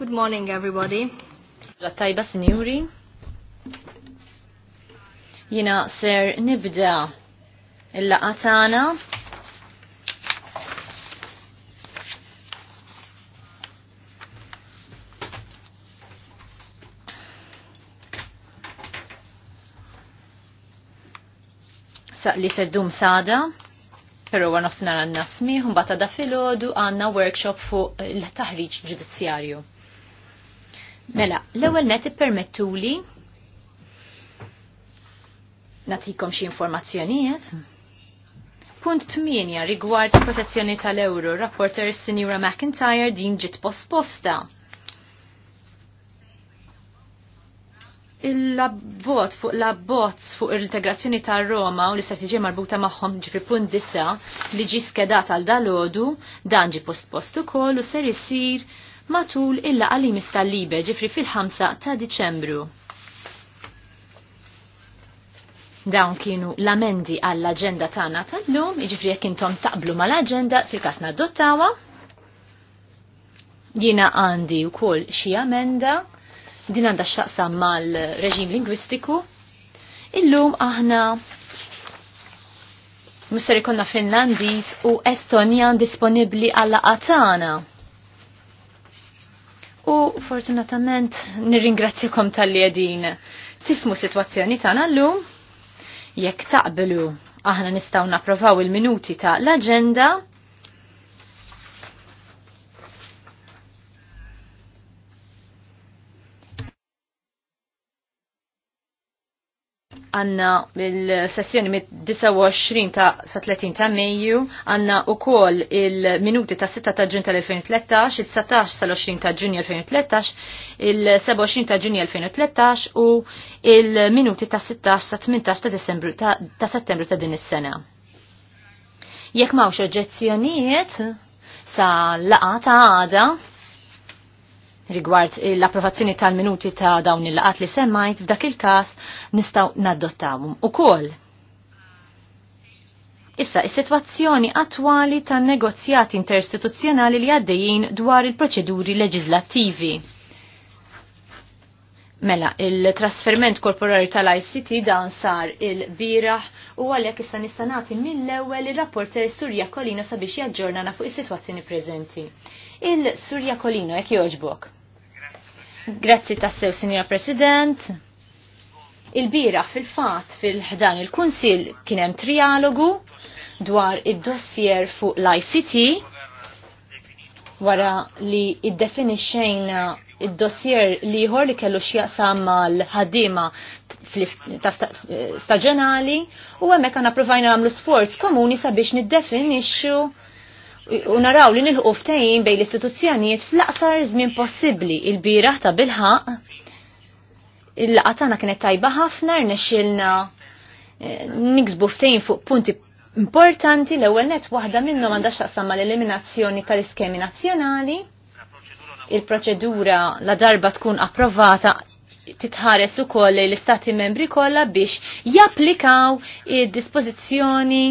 Good morning, everybody. Tajba, sinjuri. Jina ser nibda il-laqatana. li serdum sada, pero għan nofsinar għanna smiħ, un bata da filodu għanna workshop fuq il-taħriġ ġudizzjarju. Mela, l-ewwel net ippermettuli natikom xi informazzjonijiet. Punt 8 rigward protezzjoni tal-euro, rapporter Sinjura McIntyre din ġiet posposta. il-vot fuq la abbozz fuq l-integrazzjoni ta' Roma u l-istrateġija marbuta magħhom ġifri punt disa li ġi skedat għal dalodu dan ġi postpost ukoll u ser isir matul illa għalli mistallibe ġifri fil-5 ta' Diċembru. Dawn kienu l-amendi għall-agenda tagħna tal-lum, jiġifieri jekk intom taqblu mal-agenda fil-każ nadottawa. Jiena għandi wkoll xi amenda din għandha x'taqsam mal-reġim lingwistiku. Illum aħna Mister ikolna Finlandiż u Estonjan disponibbli għall tagħna u fortunatament nirringrazzjakom tal-li għedin tifmu situazzjoni tagħna llum jekk taqbelu aħna nistgħu napprovaw il-minuti ta' l-aġenda għanna il-sessjoni mit 29 ta' sa' 30 ta' Mejju, għanna u kol il-minuti ta' 6 ta' ġun tal-2013, il-19 sal-20 ta' Ġunja 2013, il-27 ta' ġunju 2013 u il-minuti ta' 16 sa' 18 ta' Desembru ta', settembru ta' din is-sena. Jekk mawx oġġezzjonijiet sa' laqa ta' għada, rigward l-approvazzjoni tal-minuti ta' dawn il-laqat li semmajt, f'dak il-kas nistaw naddottawum. U kol, Issa, is-sitwazzjoni attwali tan negozjati interistituzjonali li għaddejjin dwar il-proċeduri leġislattivi. Mela, il-trasferment korporali tal-ICT dan sar il-biraħ u għalhekk issa nistanati mill-ewwel ir-rapporter Surja Kolino sabiex jaġġornana fuq is-sitwazzjoni preżenti. Il-Surja Kolino jekk jogħġbok. Grazzi tassew, Sinjor President. Il-bira fil-fat fil-ħdan il-Kunsil kienem trialogu dwar id-dossier fuq l-ICT wara li id-definixxejna id-dossier liħor li kellu x'jaqsam mal-ħaddiema staġjonali u hemmhekk għandna provajna nagħmlu sforz komuni sabiex niddefinixxu u naraw li nilħu ftehim bejn l-istituzzjonijiet fl-aqsar żmien possibbli il-biraħ ta' bilħaq il laqatana tagħna kienet tajba ħafna rnexxilna eh, niksbu ftejn fuq punti importanti l-ewwel net waħda minnhom għandha x'taqsam mal-eliminazzjoni tal-iskemi nazzjonali. Il-proċedura la darba tkun approvata titħares ukoll l-istati membri kollha biex japplikaw id-dispożizzjoni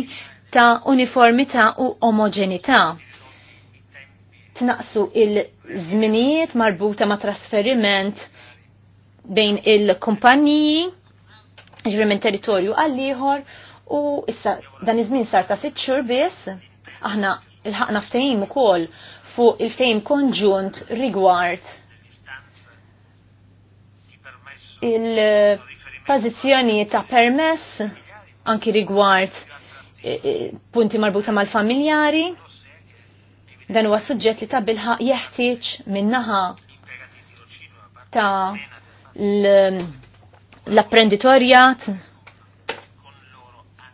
ta' uniformità u omogenità. Tnaqsu il-żminijiet marbuta ma' trasferiment bejn il-kumpaniji, ġri minn territorju għal ieħor u issa dan iż-żmien sar ta' sitt xhur biss, aħna il-ħaqna ftehim ukoll fuq il-ftehim konġunt rigward il-pożizzjoni ta' permess anki rigward punti marbuta mal-familjari. Dan huwa suġġett li ta' bilħaq jeħtieġ minnaħa ta' l-apprenditorjat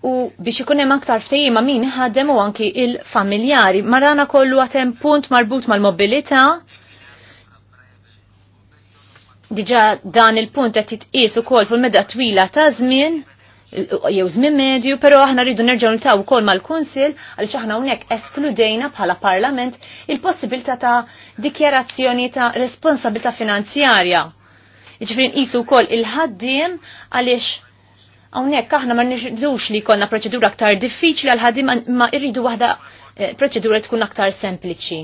u biex ikun hemm aktar ftejima min ħaddem u anki il-familjari. Marana kollu għatem punt marbut mal-mobilità. Diġa dan il-punt qed jitqies ukoll fil-meda twila ta' żmien jew żmien medju, però aħna rridu nerġgħu niltaw ukoll mal-Kunsil għaliex aħna hawnhekk eskludejna bħala Parlament il-possibilità ta' dikjarazzjoni ta' responsabilità finanzjarja. Jiġifieri nqisu wkoll il-ħaddiem għaliex Hawnhekk aħna ma nirridux li jkollna proċedura aktar diffiċli għal ħaddiem ma irridu waħda eh, proċedura tkun aktar sempliċi.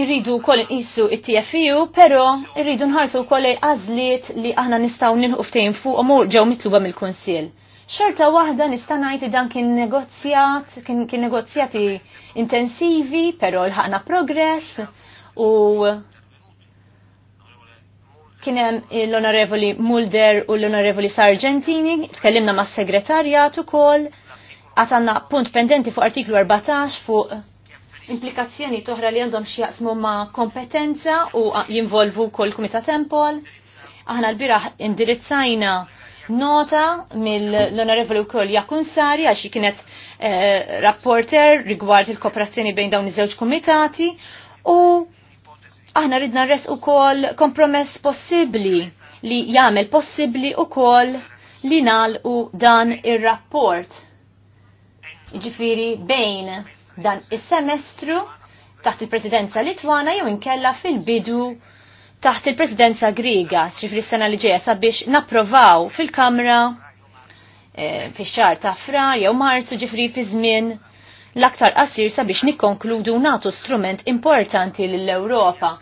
irridu wkoll nqisu it-TFU, pero irridu nħarsu wkoll għażliet li aħna nistgħu nilħu fuq u ġew mitluba mill-Kunsill. Xorta waħda nista' ngħid dan kien negozjat, kien, negozjati intensivi, però lħaqna progress u kien hemm l-Onorevoli Mulder u l-Onorevoli Sargentini, tkellimna mas-segretarjat ukoll, għatanna punt pendenti fuq artiklu 14 fuq implikazzjoni toħra li għandhom xjaqsmu ma' kompetenza u jinvolvu kol kumita tempol. Aħna l-biraħ indirizzajna nota mill-Onorevoli wkoll Jakun Sari għax kienet eh, rapporter rigward il-kooperazzjoni bejn dawn iż-żewġ kumitati u aħna ridna res ukoll kompromess possibbli li jagħmel possibbli kol li u dan ir-rapport. Ġifiri bejn dan is-semestru taħt il-presidenza Litwana jew inkella fil-bidu taħt il-presidenza Griga, xifri s-sena li ġeja sabiex naprovaw fil-Kamra e, eh, fix-xar ta' fra jew Marzu ġifri fi żmien l-aktar qasir sabiex nikkonkludu natu strument importanti lill-Ewropa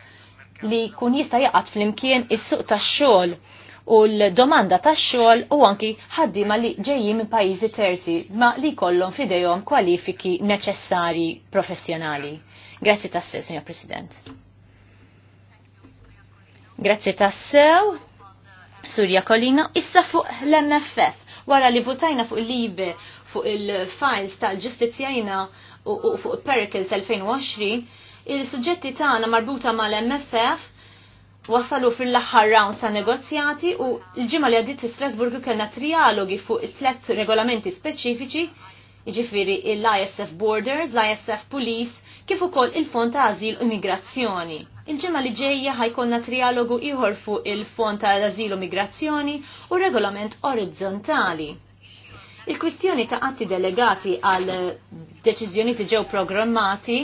li kun jista' jaqgħad flimkien is-suq tax-xogħol u l-domanda tax xogħol u anki ħaddiema li ġejjin minn pajjiżi terzi ma li jkollhom f'idejhom kwalifiki neċessari professjonali. Grazzi sew, Signor President. Grazzi sew, Surja Kolina, issa fuq l-MFF wara li votajna fuq il-libe fuq il-files tal ġustizjajna u fuq Pericles 2020, il-sujġetti tagħna marbuta mal-MFF wasalu fil-aħħar round sa' negozjati u l-ġimgħa li għaddit Strasburgu kellna trialogi fuq it-tlet regolamenti speċifiċi, jiġifieri l-ISF Borders, l-ISF Police, kif ukoll il-Fond ta' Azil u Migrazzjoni. Il-ġimgħa li ġejja ħajkonna trialogu ieħor fuq il-Fond ta' Azil u Migrazzjoni u regolament orizzontali. Il-kwistjoni ta' atti delegati għal deċiżjoni li ġew programmati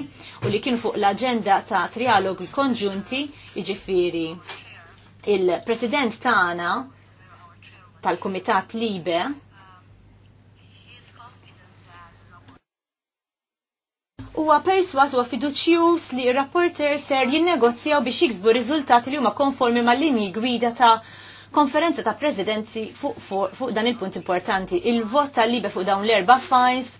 u li kienu fuq l-agenda ta' trialog konġunti iġifiri il-president tagħna tal-Kumitat Libe huwa perswas huwa fiduċjuż li r-rapporter ser jinnegozzjaw biex jiksbu riżultati li huma konformi mal-linji gwida ta' konferenza ta' prezidenzi fuq fu, fu dan il-punt importanti. Il-vot tal-libe fuq dawn l-erba fajs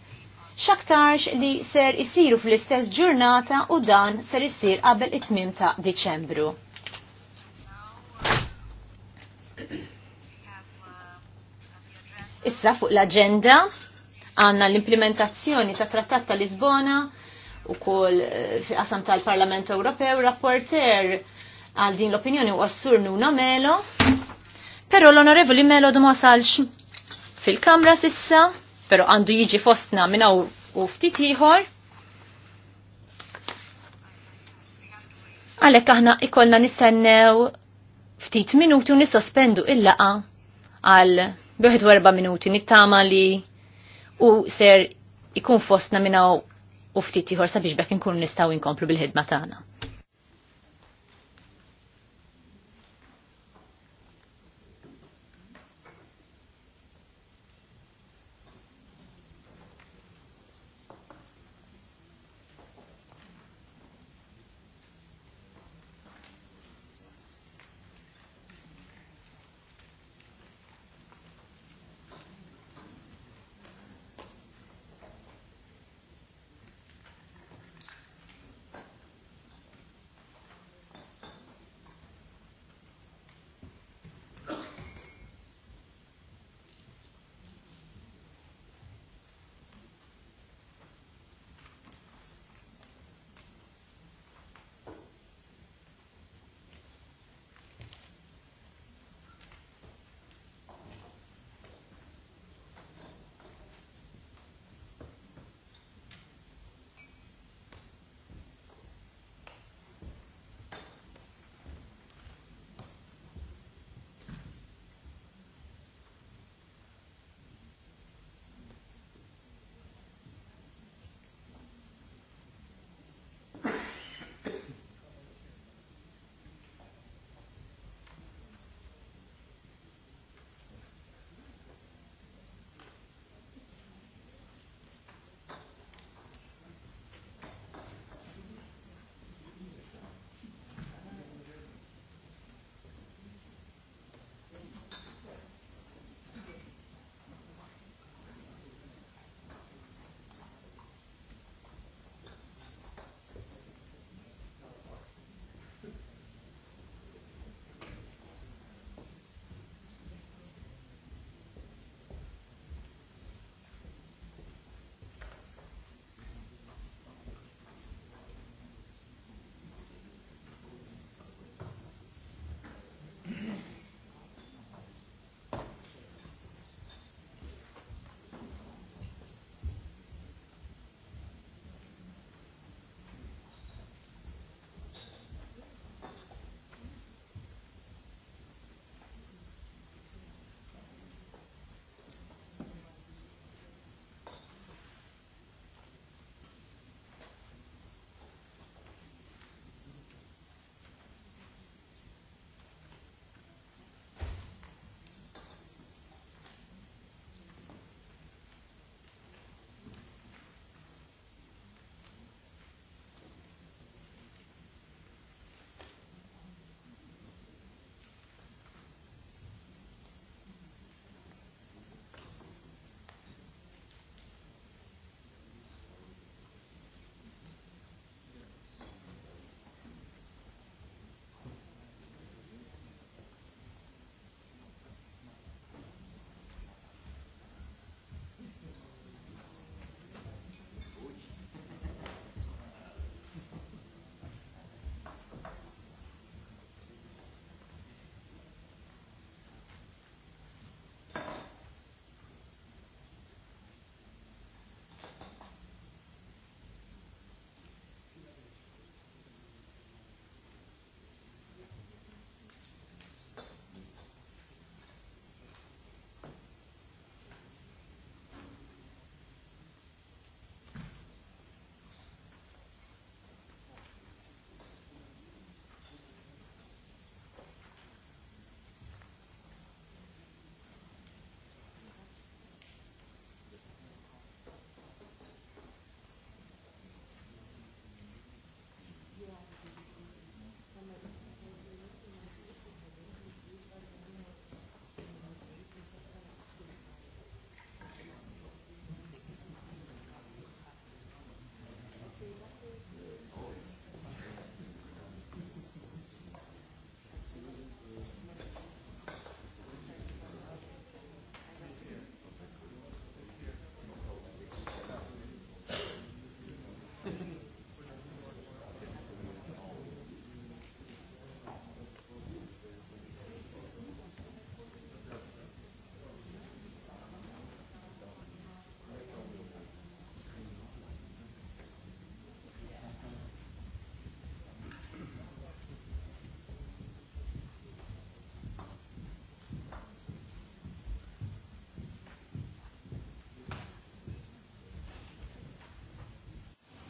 xaktarx li ser isiru fl-istess ġurnata u dan ser isir qabel it-tmim ta' Deċembru. Issa fuq l-agenda għanna l-implementazzjoni ta' trattat ta' Lisbona u kol eh, fi qasam tal-Parlament Ewropew rapporter għal din l-opinjoni u għassur Nuno Melo Pero l-onorevoli Melod ma salx fil-kamra sissa, pero għandu jiġi fostna minna u ftit ieħor. Għalek aħna ikollna nistennew ftit minuti u nisospendu il-laqa għal biħed warba minuti nittama li u ser ikun fostna minna u ftit ieħor sabiex bekk nkun nistgħu inkomplu bil-ħidma tagħna.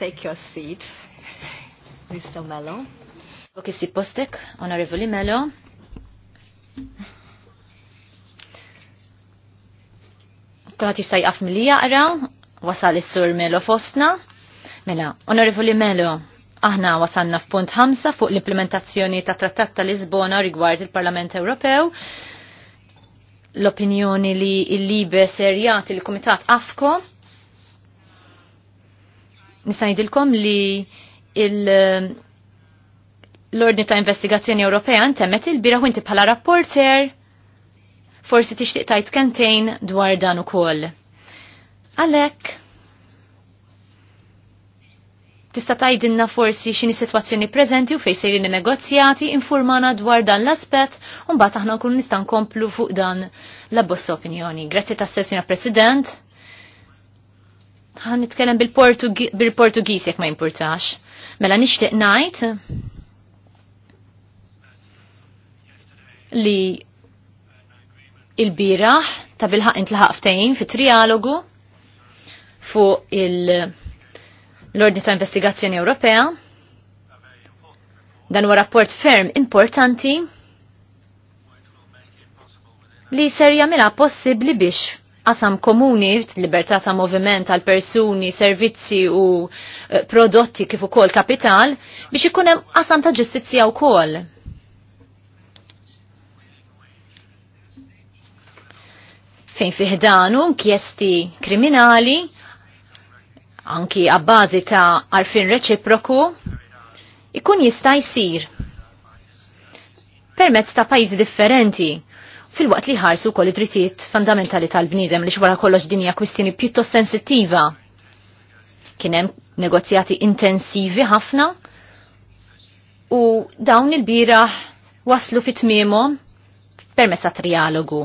Take your seat, Mr. Mello. Okissi postek, onorevoli Mello. Kuna tista jqaf mill jaqra, wasal is-sur Melo fostna. Mela, onorevoli Mello, Aħna wasanna f'punt ħamsa fuq l-implementazzjoni ta' Trattat ta' Lisbona rigward il-Parlament Ewropew. L-opinjoni li l-libe serjat il-Komitat AFCO nista' ngħidilkom li il- eh, l-ordni ta' investigazzjoni Ewropea ntemmet il-bira u inti bħala rapporter forsi tixtieq tajt kentejn dwar dan ukoll. Għalhekk tista' tgħidilna forsi xini sitwazzjoni preżenti u fejn sejrin negozjati infurmana dwar dan l-aspett u mbagħad aħna nkunu nista' nkomplu fuq dan l-abbozz opinjoni. Grazzi ta' sessina President. Għan nitkellem bil-Portugis jek ma importax. Mela nishtiq najt li il-biraħ ta' bil-ħaq intlaħaq ftejn fit trialogu fuq l-Ordni ta' Investigazzjoni Ewropea. Dan huwa rapport ferm importanti li ser jagħmilha possibbli biex qasam komuni, libertà ta' moviment għal persuni, servizzi u eh, prodotti kif ukoll kapital, biex ikun hemm qasam ta' ġustizzja wkoll. Fejn fiħdanu nkjesti kriminali, anki għabbażi ta' arfin reċiproku, ikun jista' jsir permezz ta' pajjiżi differenti fil-waqt li ħarsu kol id-drittijiet fundamentali tal-bniedem li xwara kollox dinja kwistjoni pjuttost sensittiva. Kien hemm negozjati intensivi ħafna u dawn il-biraħ waslu fit-tmiemhom permessa trialogu.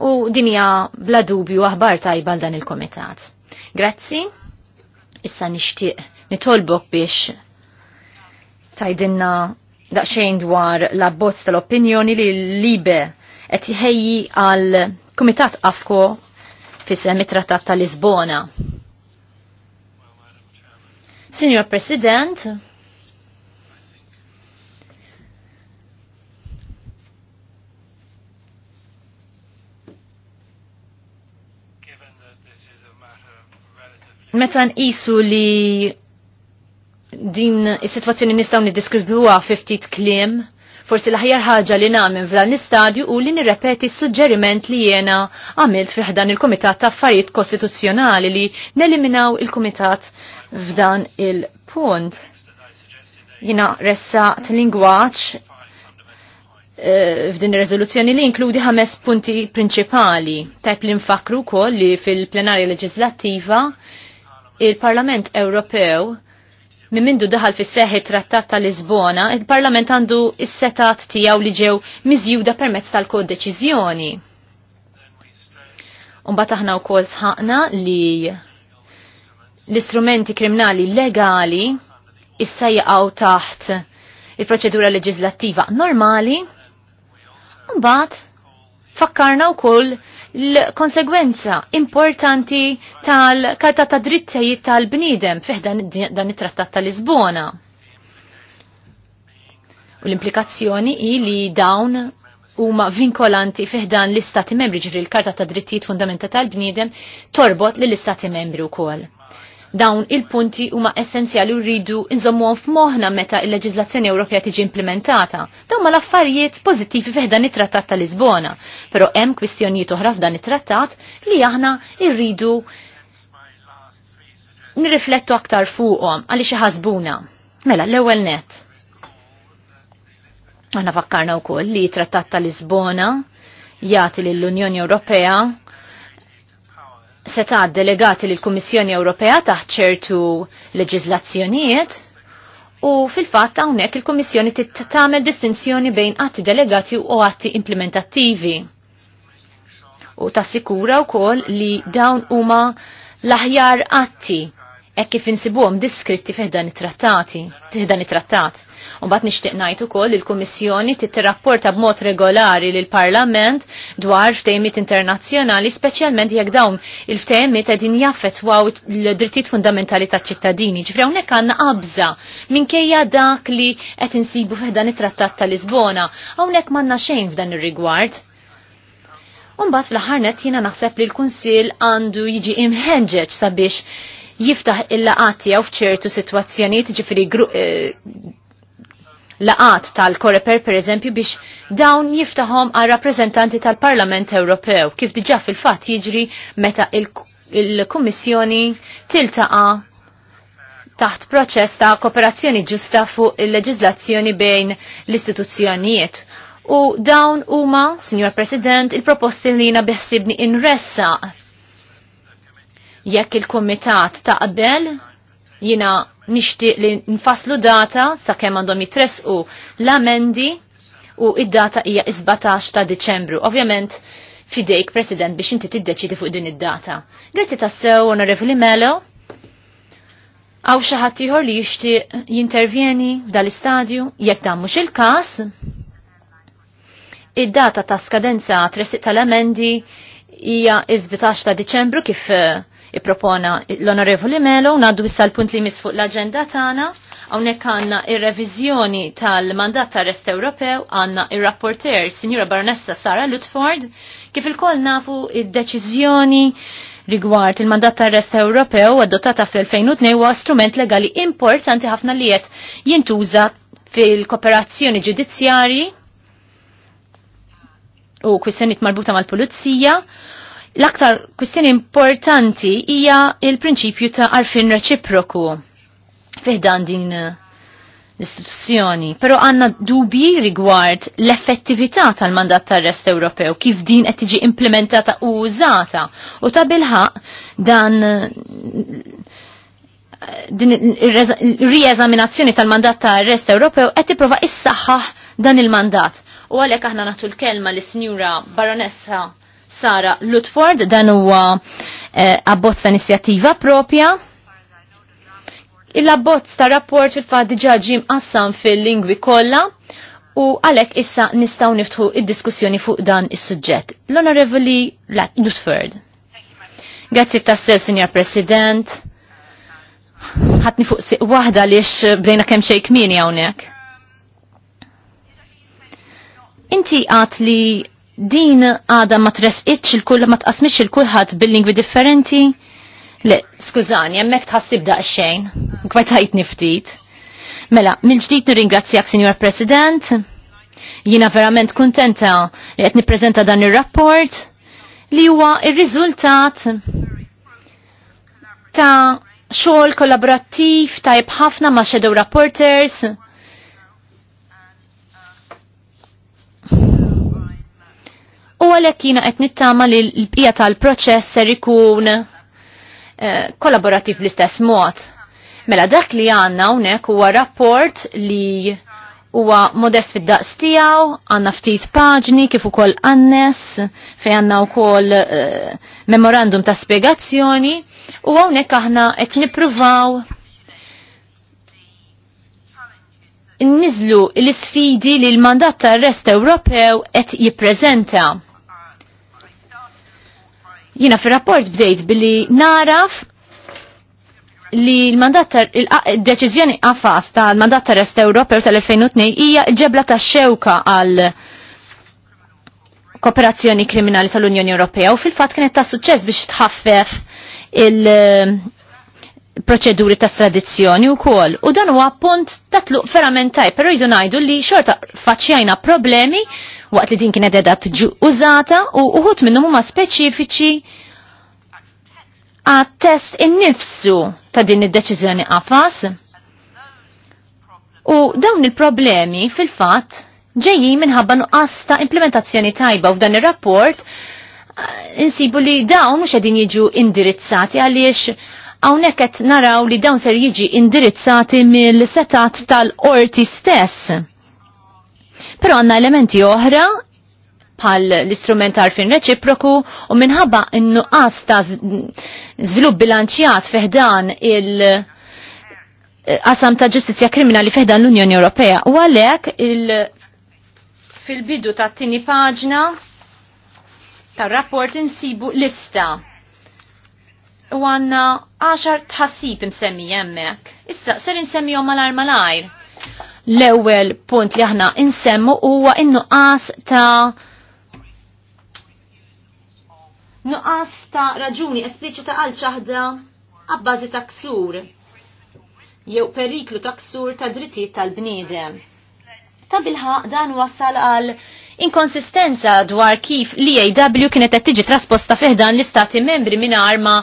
U dinja bla dubju aħbar tajba dan il-komitat. Grazzi, issa nixtieq nitolbok biex tajdinna daqxejn dwar l-abbozz tal-opinjoni li libe qed jħejji għal Kumitat Afko fis it Trattat ta' Lisbona. Signor President, meta nqisu li din is-sitwazzjoni nistgħu niddeskrivuha fi ftit kliem, Forsi l-aħjar ħaġa li namen f'dan l-istadju u li nirrepeti s-suġġeriment li jena għamilt fiħdan il-Kumitat ta' Affarijiet Kostituzzjonali li neliminaw il-Kumitat f'dan il-punt. Jina t lingwaċ eh, f'din ir-reżoluzzjoni li inkludi ħames punti prinċipali. Tajp li nfakru wkoll li fil-plenarja leġislattiva il-Parlament Ewropew minn mindu daħal fis seħi trattat ta' Lisbona, il-Parlament għandu is-setat tiegħu li ġew miżjuda permezz tal-kodeċiżjoni. Umbagħad aħna wkoll sħaqna li l-istrumenti kriminali legali issa jaqgħu taħt il-proċedura leġislattiva normali. Mbagħad fakkarna wkoll l-konsegwenza importanti tal-Karta ta' Drittajiet tal-Bniedem fih dan it-Trattat tal-Lisbona. U l-implikazzjoni hi li dawn huma vinkolanti fih dan l-Istati Membri ġifri l-Karta ta' Drittijiet Fundamentali tal-Bniedem torbot lill istati Membri wkoll. Dawn il-punti huma essenzjali u rridu nżommuhom f'moħħna meta il leġizlazzjoni Ewropea tiġi implementata. Dawn ma l-affarijiet pożittivi dan it-Trattat ta' Lisbona, pero hemm kwistjonijiet oħra f'dan it-trattat li aħna rridu nirriflettu aktar fuqhom għaliex iħasbuna. Mela, l-ewwel net. Għana fakkarna u koll li trattat ta' Lisbona jagħti l-Unjoni Ewropea seta' delegati l kummissjoni Ewropea taħt ċertu leġizlazzjonijiet u fil-fatt hawnhekk il-Kummissjoni tagħmel distinzjoni bejn atti delegati u atti implementattivi. U tassikura wkoll li dawn huma l-aħjar atti hekk kif insibuhom diskritti fiħdan it-trattati, fiħdan it-trattat. Umbat nixtieq ngħid ukoll il-Kummissjoni titirrapporta b'mod regolari l parlament dwar ftejmit internazzjonali, speċjalment jekk dawn il-ftehimiet qegħdin jaffettwaw l-drittijiet fundamentali taċ-ċittadini. Ġifri hawnhekk għandna qabża minkejja dak li qed insibu f'dan it-Trattat ta' Lisbona. Hawnhekk m'għandna xejn f'dan ir-rigward. Umbat fl-ħarnet jina naħseb li l-Kunsil għandu jiġi imħenġeġ sabiex jiftaħ il-laqati għaw fċertu situazzjoniet ġifri eh, laqat tal-Koreper per eżempju biex dawn jiftaħom għal rappresentanti tal-Parlament Ewropew kif diġa fil-fatt jiġri meta il-Kummissjoni tiltaqa taħt proċess ta' kooperazzjoni ġusta fuq il-leġizlazzjoni bejn l-istituzzjonijiet. U dawn huma, Signor President, il-proposti li jina biħsibni inressa. Jekk il-Komitat ta' qabel jina nixtieq li nfaslu data sakemm għandhom jitresqu l-amendi u id-data hija 17 ta' Diċembru. Ovvjament fidejk President biex inti tiddeċidi fuq din id-data. Grazzi tassew Onorevoli Melo. Għaw xaħat ieħor li jixtieq jintervjeni dal-istadju jekk dan mhux il-każ. Id-data ta' skadenza tresiq tal-amendi hija 17 ta' Diċembru kif uh, Ipropona l-Onorevoli Melo, naddu issa l-punt li mis fuq l-agenda tagħna. Hawnhekk għandna ir-reviżjoni tal-mandat tar-Rest Ewropew għandna ir-rapporter Signora Baronessa Sara Lutford kif il-koll nafu il deċiżjoni rigward il-mandat tar-Rest Ewropew adottata fil 2002 huwa strument legali importanti ħafna li qed jintuża fil-kooperazzjoni ġudizzjarji u kwissjonijiet marbuta mal-pulizija L-aktar kwistjoni importanti hija il-prinċipju ta' arfin reċiproku fiħdan din eh, l-istituzzjoni, pero għanna dubi rigward l-effettività tal-mandat tal-rest Ewropew, kif din qed tiġi implementata u użata. U ta' bilħaq dan eh, din rieżaminazzjoni tal-mandat tal-rest Ewropew qed tipprova issaħħaħ dan il-mandat. U għalhekk aħna nagħtu l-kelma lis-Sinjura Baronessa Sara Lutford dan huwa eh, abbozza inizjattiva propja. Il-abbozz ta' rapport fil-fatt diġà ġim qassam fil-lingwi kollha u għalhekk issa nistgħu niftħu id-diskussjoni fuq dan is-suġġett. L-Onorevoli Lutford. Grazzi tassew, Sinjor President. Ħatni fuq siq waħda għaliex bdejna kemm xejn kmieni hawnhekk. Inti għat li din għada ma tresqitx il-kull, ma tqasmix il-kulħat bil-lingwi differenti? Le, skużani, jemmek tħassib daqxejn, kwetajt niftit. Mela, mil-ġdijt nirringrazzjak, Signor President, jina verament kontenta li għetni prezenta dan il-rapport li huwa il-rizultat ta' xogħol kollaborattiv tajb ħafna ma' shadow rapporters U għalhekk jiena qed nittama li l-bqija tal-proċess ser ikun eh, kollaborattiv bl-istess mod. Mela dak li għandna hawnhekk huwa rapport li huwa modest fid-daqs tiegħu, għandna ftit paġni kif ukoll annes fejn għandna wkoll eh, memorandum ta' spjegazzjoni u hawnhekk aħna qed nippruvaw nniżlu l-isfidi li l-mandat tar-rest Ewropew qed jippreżenta. Jina fil-rapport bdejt billi naraf li l-mandat il-deċizjoni għafas tal-mandat tal-Est Ewropew tal-2002 hija ġebla ta' xewka għal kooperazzjoni kriminali tal-Unjoni Ewropea u fil-fatt kienet ta' suċċess biex tħaffef il-proċeduri ta' tradizzjoni u kol. U dan huwa punt tatluq verament taj, pero jdu ngħidu li xorta faċċjajna problemi waqt li din kienet edha tġu użata u uħut minnhom huma speċifiċi għat-test innifsu ta' din id-deċiżjoni għafas. U dawn il-problemi fil-fatt ġejjin minħabba nuqqas ta' implementazzjoni tajba u f'dan ir-rapport eh, insibu li dawn mhux qegħdin jiġu indirizzati għaliex hawnhekk qed naraw li dawn ser jiġi indirizzati mill-setat tal-qorti stess. Pero għanna elementi oħra bħal l-istrument għarfin reċiproku u minħabba n-nuqqas ta' zvilup bilanċjat fiħdan il- qasam ta' ġustizja kriminali fiħdan l-Unjoni Ewropea. U għalek fil-bidu ta' tini paġna ta' rapport insibu lista. U għanna 10 tħassib imsemmi jemmek. Issa, ser insemmijom malar malajr l-ewwel punt li aħna insemmu huwa in-nuqqas ta' nuqqas ta' raġuni espliċita għal ċaħda għabbażi ta' ksur jew periklu ta' ksur ta' drittijiet tal-bniedem. Ta' bilħa dan wassal għal inkonsistenza dwar kif l-EAW kienet qed tiġi trasposta fiħdan l-istati membri minn arma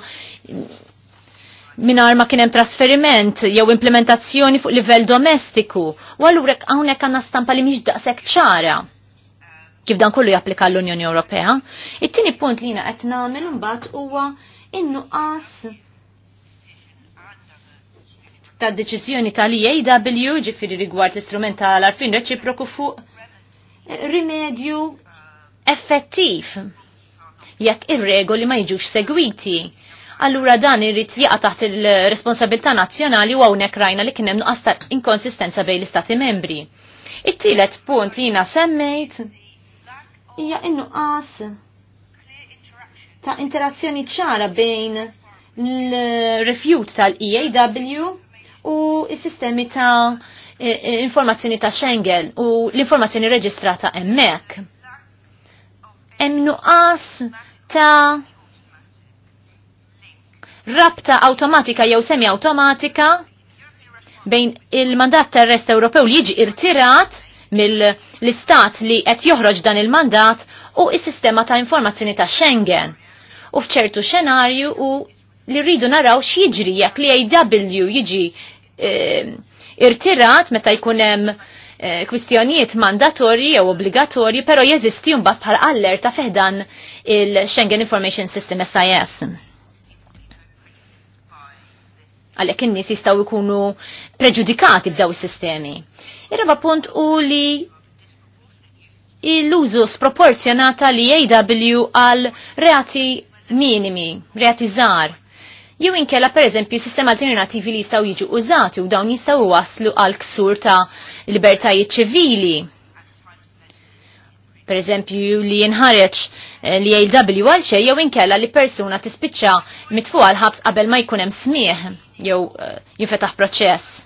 minar ma kienem trasferiment jew implementazzjoni fuq livell domestiku. U għallurek għawnek għanna stampa li miex daqsek ċara kif dan kollu japplika l-Unjoni Ewropea. It-tieni punt li qed nagħmel imbagħad huwa in-nuqqas ta' deċiżjoni tal-EAW ġifiri rigward l-istrument tal-arfin reċiproku fuq rimedju effettiv jekk ir-regoli ma jiġux segwiti allura dan irrit jaqa' taħt il-responsabilità nazzjonali u hawnhekk rajna li kien hemm nuqqas inkonsistenza bejn l-istati membri. It-tielet punt li jiena semmejt hija innuqqas ta' interazzjoni ċara bejn l-refute tal-EAW u s-sistemi ta' informazzjoni ta' Schengen u l-informazzjoni reġistrata emmek. Hemm nuqqas ta' rabta automatika jew semi automatika bejn il-mandat tar-rest Ewropew li jiġi irtirat mill-istat li qed joħroġ dan il-mandat u is-sistema ta' informazzjoni ta' Schengen. U f'ċertu xenarju u li rridu naraw x'jiġri jekk li AW jiġi eh, irtirat meta jkun hemm eh, kwistjonijiet mandatorji jew obbligatorji, però jeżisti mbagħad bħal allerta feħdan il-Schengen Information System SIS għalhekk in-nies jistgħu jkunu preġudikati b'daw is-sistemi. Ir-raba punt u li l-użu sproporzjonata li AW għal reati minimi, reati żgħar. Jew inkella pereżempju sistema alternattivi li jistgħu jiġu użati u dawn jistgħu waslu għal ksur ta' libertajiet ċivili per eżempju li jinħareċ eh, li JW għal xej jew inkella li persuna tispiċċa mitfu l-ħabs qabel ma jkun hemm smieħ jew eh, jinfetaħ proċess.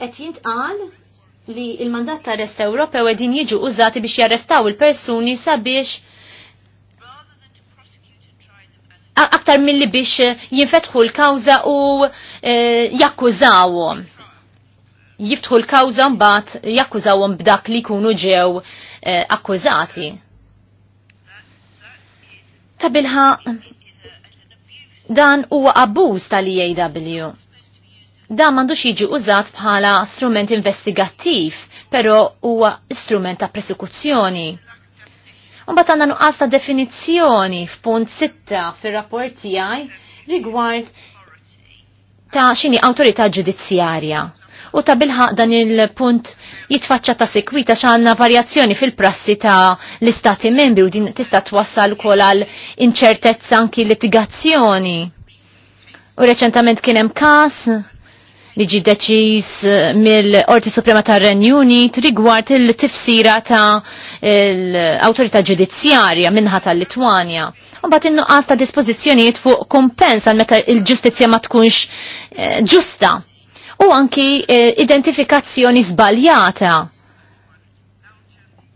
Qed jintqal li il-mandat ta' arrest Ewropew qegħdin jiġu użati biex jarrestaw il-persuni sabiex aktar milli biex eh, jinfetħu l-kawza u eh, jakkużawhom. Jiftħu l-kawza mbagħad jakkużawhom b'dak li jkunu ġew eh, akkużati. Tabilħa dan huwa abbuż tal-EAW. Dan m'għandux jiġi użat bħala strument investigattiv, però huwa strument ta' persekuzzjoni bat għanna nuqqas ta' definizzjoni f'punt sitta fir-rapport tiegħi rigward ta' xini awtorità ġudizzjarja u ta' bilħaq dan il-punt jitfaċċa ta' sekwita xanna varjazzjoni fil-prassi ta' l-istati membri u din tista' twassal kol għal inċertezza anki litigazzjoni. U reċentament kienem kas li ġi deċiż eh, mill-Qorti Suprema tar renju Unit rigward il-tifsira ta' l-Awtorità Ġudizzjarja minħa tal-Litwanja. Mbagħad innuqqas ta' dispożizzjonijiet fuq kompensa għal meta il-ġustizzja ma tkunx eh, ġusta u anki eh, identifikazzjoni żbaljata.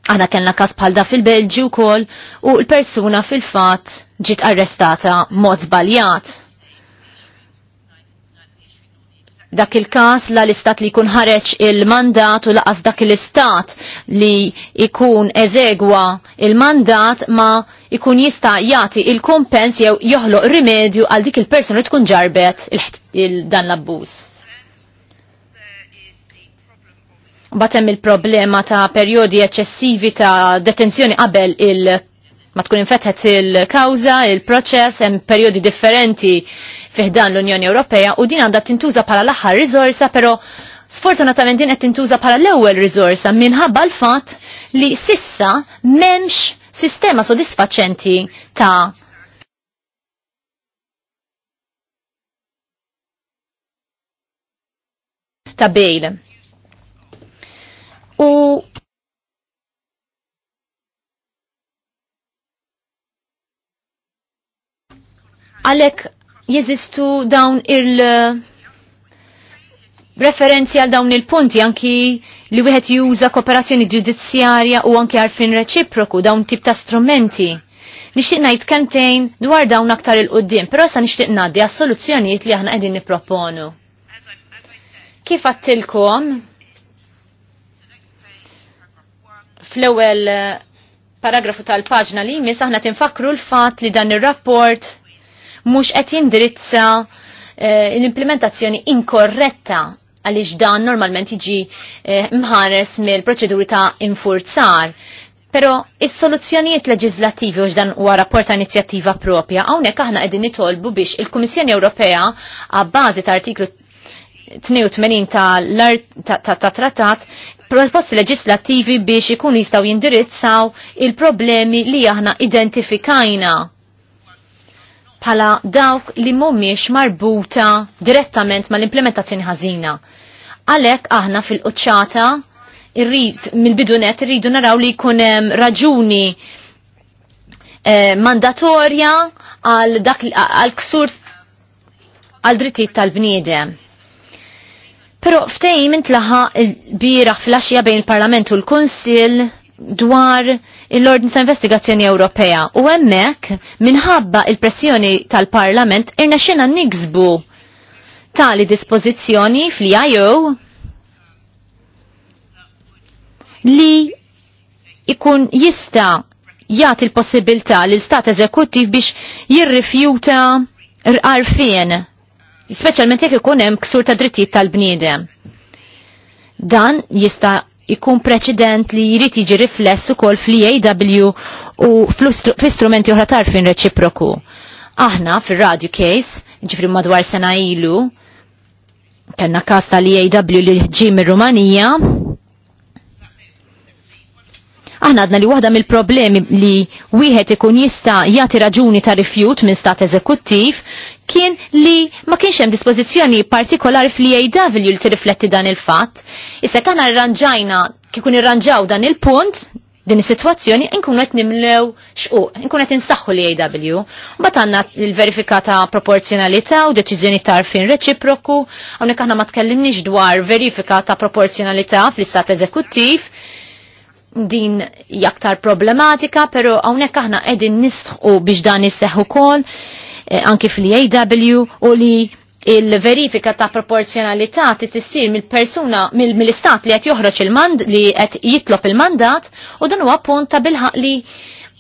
Għana kellna kas bħal fil-Belġi u kol u l-persuna fil-fat ġit arrestata mod zbaljat. dak il-kas la l-istat li jkun ħareċ il-mandat u laqas dak l-istat li jkun eżegwa il-mandat ma jkun jista jati il-kompens jew joħloq rimedju għal dik il-persuna li tkun ġarbet dan l-abbuż. Batem il-problema ta' periodi eccessivi ta' detenzjoni qabel il- ma tkun infetħet il-kawza, il-proċess, hemm perjodi differenti fiħdan l-Unjoni Ewropea u din għandha tintuża bħala l-aħħar riżorsa, però sfortunatament din qed tintuża bħala l-ewwel riżorsa minħabba l-fatt li sissa m'hemmx sistema sodisfaċenti ta' ta' bail. U Għalek jeżistu dawn il- eh, referenzi għal dawn il-punti anki li wieħed juża kooperazzjoni ġudizzjarja u anki għarfin reċiproku dawn tip ta' strumenti. Nixtieq ngħid kentejn dwar dawn aktar il-qudiem, però sa nixtieq ngħaddi għas-soluzzjonijiet li aħna qegħdin nipproponu. Kif għattilkom? Fl-ewwel eh, paragrafu tal-paġna li jmiss aħna tinfakru l-fatt li dan ir-rapport mhux qed jindirizza eh, l-implementazzjoni inkorretta għaliex dan normalment jiġi eh, mħares mill-proċeduri ta' infurzar. Pero is-soluzzjonijiet leġislativi u dan huwa rapport ta' inizjattiva propja, hawnhekk aħna qegħdin nitolbu biex il-Kummissjoni Ewropea għabbażi ta' artiklu 82 ta' trattat proposti leġislativi biex ikun jistgħu jindirizzaw il-problemi li aħna identifikajna bħala dawk li mhumiex marbuta direttament mal-implementazzjoni ħażina. Għalhekk aħna fil-quċċata mill-bidunet irridu naraw li jkun hemm raġuni eh, mandatorja għal dak għal ksur għal drittijiet tal-bniedem. Pero ftejim intlaħa l-bira flaxija bejn il-Parlament u l-Konsil dwar l-ordni ta' investigazzjoni Ewropea u hemmhekk minħabba il-pressjoni tal-Parlament irna xena niksbu tali dispożizzjoni fl-IO li ikun jista' jagħti l-possibilità l stat eżekuttiv biex jirrifjuta rqarfien, speċjalment jekk ikun hemm ksur ta' drittijiet tal-bniedem. Dan jista' ikun preċedent li jrid jiġi rifless ukoll fl-EAW u fl-istrumenti oħra tarfin reċiproku. Aħna fir-radio case, ġifri madwar sena ilu, kellna kasta tal-EAW li ġi mir-Rumanija, Aħna għadna li waħda mill-problemi li wieħed ikun jista' jagħti raġuni ta' rifjut minn stat eżekuttiv kien li ma kienx hemm dispożizzjoni partikolari fl-EAW li tirrifletti dan il-fatt. Issa kien arranġajna kikun irranġaw dan il-punt din is-sitwazzjoni nkunu qed nimlew xquq, Inkun qed insaħħu l AW. Mbagħad għandna l-verifika ta' proporzjonalità u deċiżjoni tarfin reċiproku, hawnhekk aħna ma tkellimniex dwar verifika ta' proporzjonalità fl-istat eżekuttiv, din jaktar problematika, pero hawnhekk aħna qegħdin nistħu biex dan isseħ ukoll eh, anki fil-AW u li il-verifika ta' proporzjonalità tissir mill-persuna mill-istat li qed joħroġ il-mand li qed jitlob il-mandat u dan huwa punt bilħaq li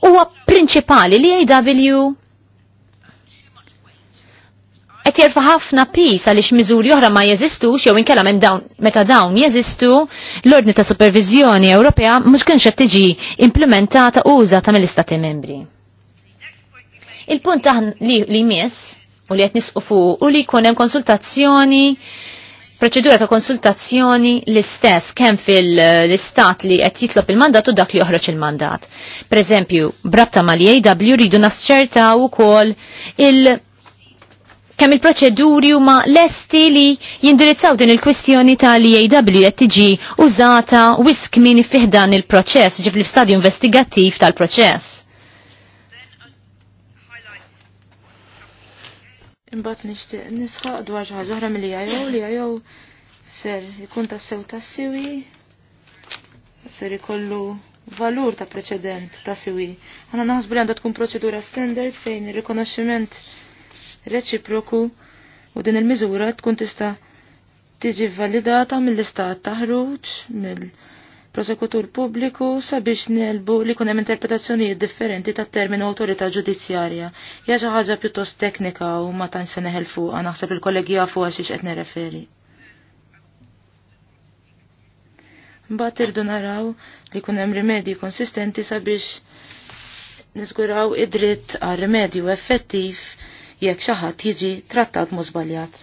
huwa prinċipali li AW qed jerfa ħafna pis għaliex miżuri oħra ma jeżistux jew inkella minn dawn meta dawn jeżistu l-ordni ta' supervizjoni Ewropea mhux kienx qed tiġi implementata użata mill-Istati membri. Il-punt li, li miss u li qed nisqu fuq u li jkun hemm konsultazzjoni proċedura ta' konsultazzjoni l-istess kemm fil-istat li qed jitlob il-mandat u dak li joħroġ il-mandat. Per eżempju, brabta mal-EAW rridu nasċertaw ukoll il- kemm il-proċeduri huma lesti li jindirizzaw din il-kwistjoni tal-EAW qed tiġi użata wisk min fiħdan il-proċess ġif l-istadju investigattiv tal-proċess. Imbat nishtiq nisħaq dwar ħaġa oħra mill jajow li jajow e ser ikun ta' siwi. ser ikollu valur ta' preċedent ta' siwi. Għana naħsbu li għandha tkun proċedura standard fejn il-rikonoxximent reċiproku u din il-miżura tkun tista' tiġi validata mill-istat taħruġ, mill-prosekutur pubbliku sabiex nelbu li kunem hemm interpretazzjonijiet differenti tat terminu awtorità ġudizzjarja. Hija xi ħaġa pjuttost teknika u ma tantx se neħel fuqha naħseb il-kollegi jafu għal xiex qed nirreferi. Mbagħad irdu naraw li kun hemm rimedji konsistenti sabiex niżguraw id-dritt għal rimedju effettiv jekk xi ħadd jiġi trattat mhux żbaljat.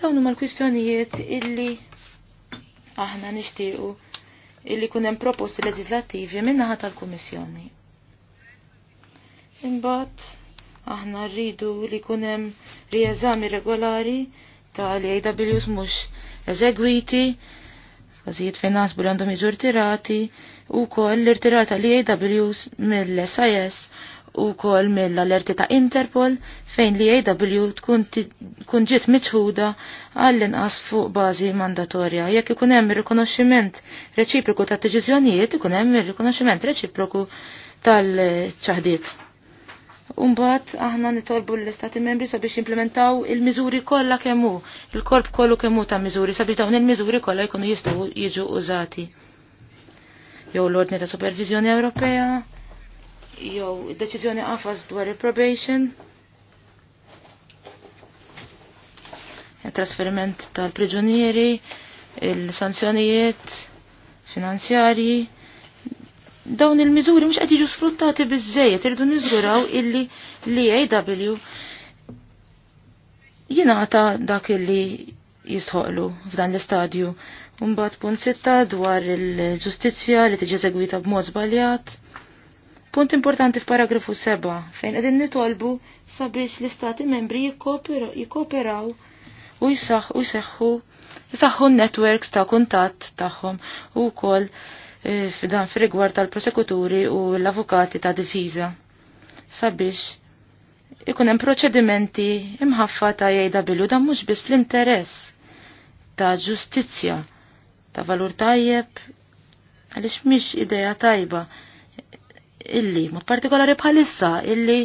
Dawn huma l-kwistjonijiet illi aħna nixtiequ illi kun hemm proposti leġislattivi minnaħa tal-Kummissjoni. Imbagħad aħna rridu li kun hemm rieżami regolari tal-AWs mhux eżegwiti, għazijiet fejn nasbu li għandhom jiġu rtirati, u koll l-irtirata li AWs mill-SIS u kol mill-alerti ta' Interpol fejn li AW tkun ġiet miċħuda għall-inqas fuq bażi mandatorja. Jekk ikun hemm ir-rikonoxximent reċiproku ta' deċiżjonijiet, ikun hemm ir-rikonoxximent reċiproku tal-ċaħdiet. Umbat aħna nitolbu l-Istati membri sabiex implementaw il-miżuri kollha kemm hu, il-korp kollu kemm hu ta' miżuri sabiex dawn il-miżuri kollha jkunu jistgħu jiġu użati. Jew l-Ordni ta' Supervizjoni Ewropea, jew deċiżjoni qafas dwar il-probation. trasferiment tal-priġunieri, il-sanzjonijiet finanzjarji. Dawn il-miżuri mhux qed jiġu sfruttati biżejjed, irridu niżguraw illi li AW jingħata dak illi jistħoqlu f'dan l-istadju. Mbagħad punt sitta dwar il-ġustizzja li tiġi eżegwita b'mod żbaljat. Punt importanti f'paragrafu 7 fejn qegħdin nitolbu sabiex l-istati membri jikkoperaw u jisaħ u jseħħu jisaħħu networks ta' kuntatt tagħhom u e, f'dan fir tal-prosekuturi u l-avukati ta' difiża sabiex ikun hemm proċedimenti imħaffa ta' jgħida billu dan mhux biss fl-interess ta' ġustizzja ta' valur tajjeb għaliex mhix idea tajba illi mod partikolari bħalissa illi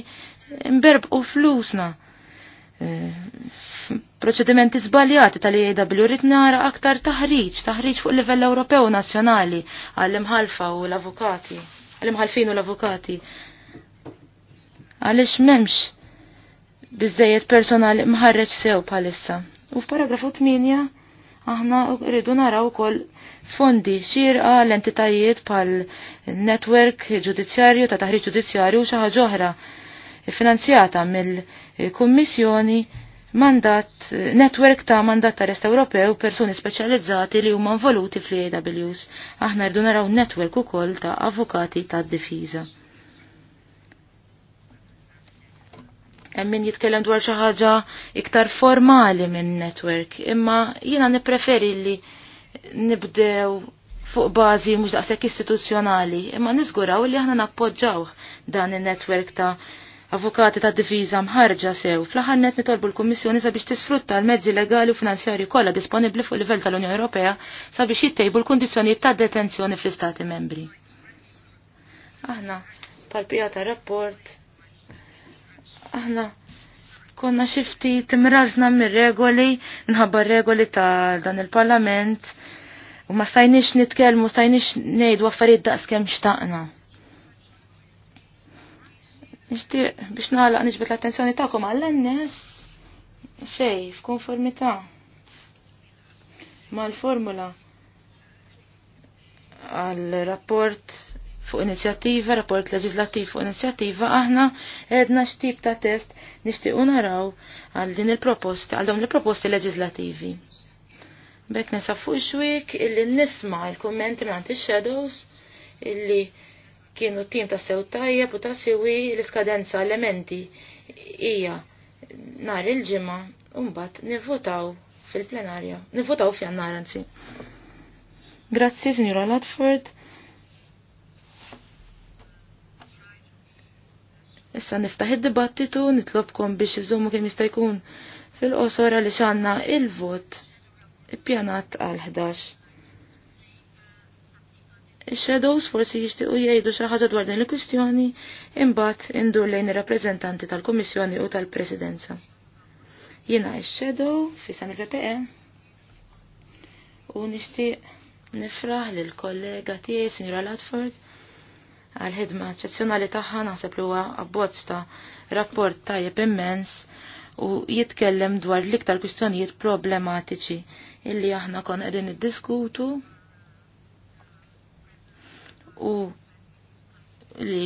u flusna eh, proċedimenti zbaljati tal ew rrit nara aktar taħriġ, taħriġ fuq livell Ewropew nazzjonali għall-imħalfa u l-avukati, għall-imħalfin u l-avukati. Għalix memx bizzejiet personali mħarreċ sew bħalissa. U f'paragrafu 8 Aħna rridu naraw ukoll fondi xirqa l-entitajiet pal netwerk ġudizzjarju ta' taħriġ ġudizzjarju xi ħaġa oħra finanzjata mill-Kummissjoni mandat netwerk ta' mandat ta' rest Ewropew persuni speċjalizzati li huma involuti fl-AWS. Aħna rridu naraw netwerk ukoll ta' avukati tad-difiża. hemm min jitkellem dwar xi ħaġa iktar formali minn network, imma jiena nippreferi li nibdew fuq bażi mhux daqshekk istituzzjonali, imma niżguraw li aħna nappoġġaw dan in-netwerk ta' avukati ta' diviża mħarġa sew fl-aħħar net nitolbu l-Kummissjoni sabiex tisfrutta l-mezzi legali u finanzjarji kollha disponibbli fuq livell tal-Unjoni Ewropea sabiex jittejbu l-kundizzjonijiet ta' detenzjoni fl-Istati membri. Aħna pal-pija ta' rapport Aħna konna xifti timrażna mir-regoli, nħabba regoli ta' dan il-parlament, u ma stajnix nitkelmu, stajnix nejdu għaffariet daqs kem xtaqna. Nishti biex naħlaq nġbet l-attenzjoni ta'kom għall-annes fej, f'konformità mal-formula għal-rapport fuq inizjattiva, rapport leġislattiv fuq inizjattiva, aħna edna x'tip ta' test nixtiequ naraw għal din il-proposta, għal dawn il-proposti leġislattivi. Bek nesa fuq xwik illi nisma' il-kummenti minn għanti shadows illi kienu tim ta' sew tajjeb u ta' siwi l-iskadenza elementi hija nhar il-ġimgħa u mbagħad nivvotaw fil-plenarja, nivvotaw f'jannar anzi. Grazzi, signora Latford. Issa niftaħ id-dibattitu, nitlobkom biex iżommu kien jista' jkun fil-qosora li xanna il-vot ippjanat għal 11. Ix-shadows forsi jixtiequ jgħidu xi ħaġa dwar din il-kwistjoni imbagħad indur lejn ir-rappreżentanti tal-Kummissjoni u tal-Presidenza. Jiena x shadow fi il-PPE u nixtieq nifraħ lil kollega tiegħi Sinjura Latford għal-ħidma eccezzjonali tagħha naħseb li huwa abbozz ta' rapport tajjeb immens u jitkellem dwar l-iktar kwistjonijiet problematiċi illi aħna kon qegħdin iddiskutu u li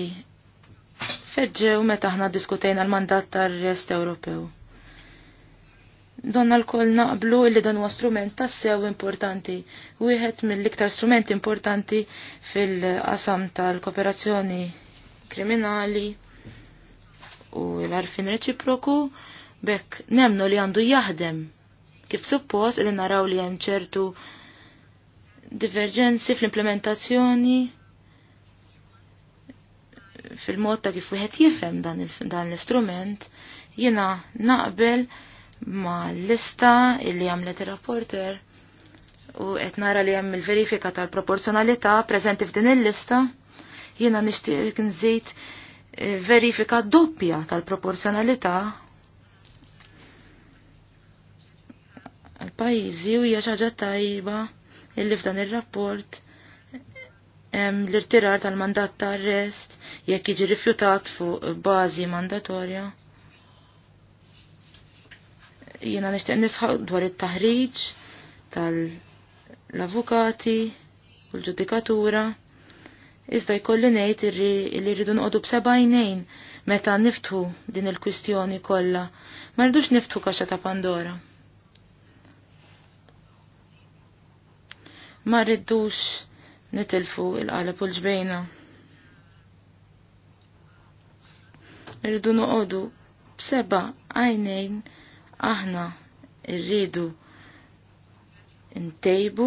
feġġew meta aħna diskutejna l-mandat tar-rest Ewropew. Donna l-koll naqblu illi dan huwa strument tassew importanti, wieħed mill-iktar strumenti importanti fil-qasam tal-kooperazzjoni kriminali u l-arfin reċiproku bekk nemnu li għandu jaħdem kif suppost illi naraw li hemm ċertu diverġenzi fl-implementazzjoni fil-mod ta' kif wieħed jifhem dan l-istrument jiena naqbel ma l-lista illi għamlet il-rapporter u qed nara li hemm il-verifika tal-proporzjonalità preżenti f'din il-lista jiena nixtieq nżid eh, verifika doppja tal-proporzjonalità l-pajjiżi u hija xi ħaġa tajba illi f'dan ir-rapport l-irtirar tal-mandat ta' rest jekk jiġi rifjutat fuq bażi mandatorja. Jena nishtiq nisħaq dwar it-taħriġ tal-avukati u l-ġudikatura. Iżda jkolli ngħid li rridu noqogħdu b'sebajnejn meta niftħu din il-kwistjoni kollha. Ma rridux niftħu kaxa ta' Pandora. Ma rridux nitilfu il-qalab u l-ġbejna. Rridu noqogħdu b'seba' għajnejn aħna rridu ntejbu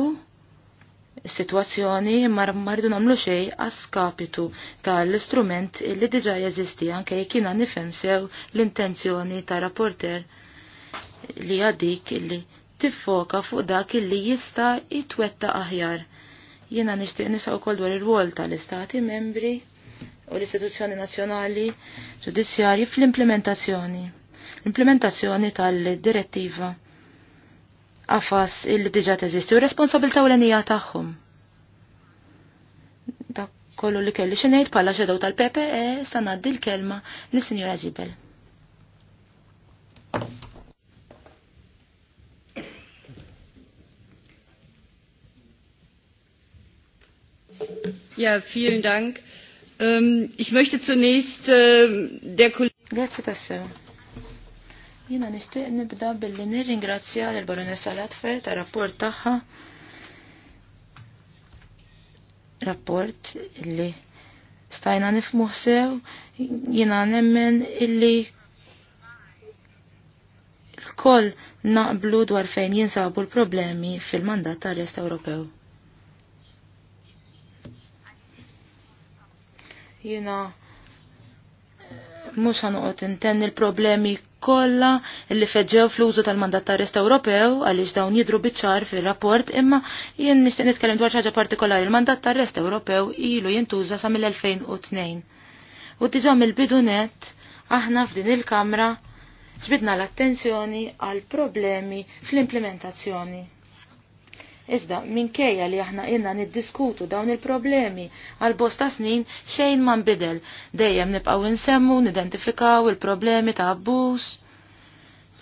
situazzjoni mar marridu namlu xej għaskapitu tal-istrument li diġa jeżisti anke jekk jiena nifhem sew l-intenzjoni ta' rapporter li għadik li tiffoka fuq dak li jista' jitwetta aħjar. Jiena nixtieq nisaw kol dwar ir-rwol tal-istati membri u l-istituzzjoni nazzjonali ġudizzjarji fl-implementazzjoni implementazzjoni tal-direttiva għafas illi diġa teżisti u responsabilta u l-enija taħħum. Da kollu li kelli xinejt palla xedaw tal-PPE sanaddi l-kelma l sinjora Zibel. Ja, vielen Dank. Ähm, ich möchte zunächst äh, der Kollegin... Grazie tassew. Jina nishtiq nibda billi nirringrazzja l baronessa Latfer ta' rapport tagħha. Rapport illi stajna nifmuh sew, jina nemmen illi l-koll naqblu dwar fejn jinsabu l-problemi fil-mandat tal-Est Ewropew. Jina eh, mux ħanuqot intenni l-problemi kollha li feġġew fl-użu tal-mandat ta' rest Ewropew għaliex dawn jidru biċċar fir-rapport imma jien nixtieq nitkellem dwar ħaġa partikolari l mandat ta' rest Ewropew ilu jintuża sa mill-2002. U diġà mill-bidu net aħna f'din il-Kamra ġbidna l-attenzjoni għal problemi fl-implementazzjoni. Iżda, minkejja li aħna inna niddiskutu dawn il-problemi għal bosta snin xejn man bidel, dejjem nibqaw insemmu, nidentifikaw il-problemi ta' abbuż,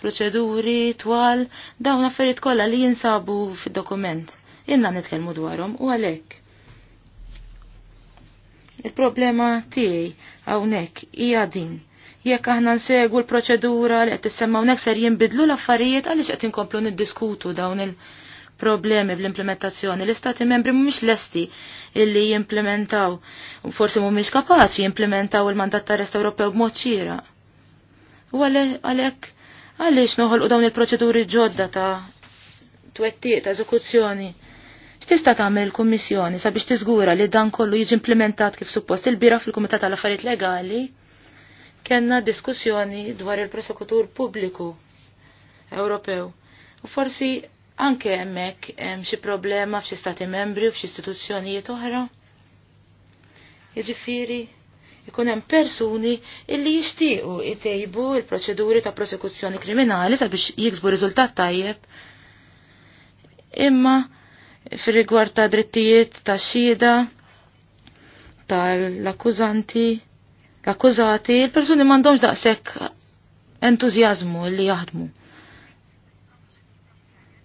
proċeduri, twal, dawn affarijiet kollha li jinsabu fid-dokument. Inna nitkellmu dwarhom u għalhekk. Il-problema tiegħi hawnhekk hija din jekk aħna nsegwu l-proċedura li qed tissemma hawnhekk ser jinbidlu l-affarijiet għaliex qed inkomplu niddiskutu dawn il- problemi bl-implementazzjoni. L-istati membri mhumiex lesti illi jimplementaw, u forsi mhumiex kapaċi jimplementaw il-mandat ta' rest Ewropew b'mod ċira. U għalhekk għaliex noħolqu dawn il-proċeduri ġodda ta' twettiq ta' eżekuzzjoni. X'tista' tagħmel il-Kummissjoni sabiex tiżgura li dan kollu jiġi implementat kif suppost il-bira fil-Kumitat tal-Affarijiet Legali kellna diskussjoni dwar il-prosekutur pubbliku Ewropew. U forsi anke hemmhekk hemm xi problema f'xi stati membri u f'xi istituzzjonijiet oħra. Jiġifieri ikun hemm persuni illi jixtiequ jtejbu il-proċeduri ta' prosekuzzjoni kriminali sabiex jiksbu riżultat tajjeb. Imma fir-rigward ta' drittijiet ta' xhieda tal-akkużanti, l-akkużati, il-persuni m'għandhomx daqshekk entużjażmu li jaħdmu.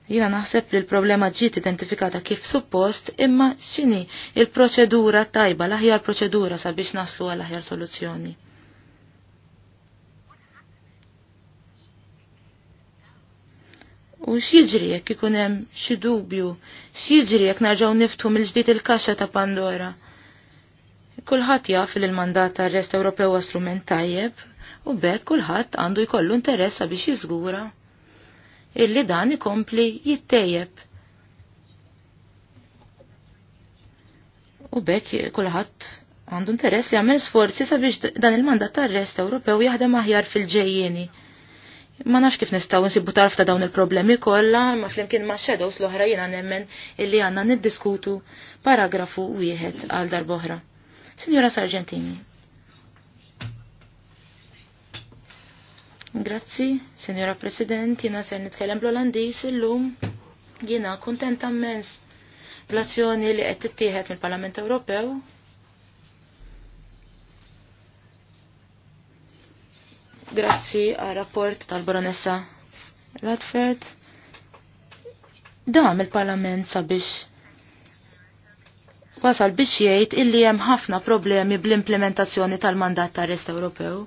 Jina naħseb li l-problema ġiet identifikata kif suppost imma xini il-proċedura tajba, l-aħjar proċedura sabiex naslu għal aħjar soluzzjoni. U x'jiġri jekk ikun hemm xi dubju, x'jiġri jekk narġgħu niftu mill-ġdid il-kaxxa ta' Pandora. Kulħadd jaf li l-mandat tar-Rest Ewropew huwa strument tajjeb u bekk kulħadd għandu jkollu interess biex jizgura illi dan ikompli jittejjeb. U bekk kulħadd għandu interess li għamel sforzi sabiex dan il-mandat tar-rest Ewropew jaħdem aħjar fil-ġejjieni. Ma nafx kif nistgħu nsibu tarf ta' dawn il-problemi kollha, ma flimkien ma' shadows l-oħra jiena nemmen illi għandna niddiskutu paragrafu wieħed għal darb'oħra. Signora Sargentini. Grazzi, Signora President, jina ser nitkellem bl-Olandis illum. Jina kontent ammens bl-azzjoni li qed tittieħed mill-Parlament Ewropew. Grazzi għal rapport tal-Baronessa Radford. Dam il-Parlament sabiex wasal biex jgħid illi hemm ħafna problemi bl-implementazzjoni tal-mandat tar-Rest Ewropew.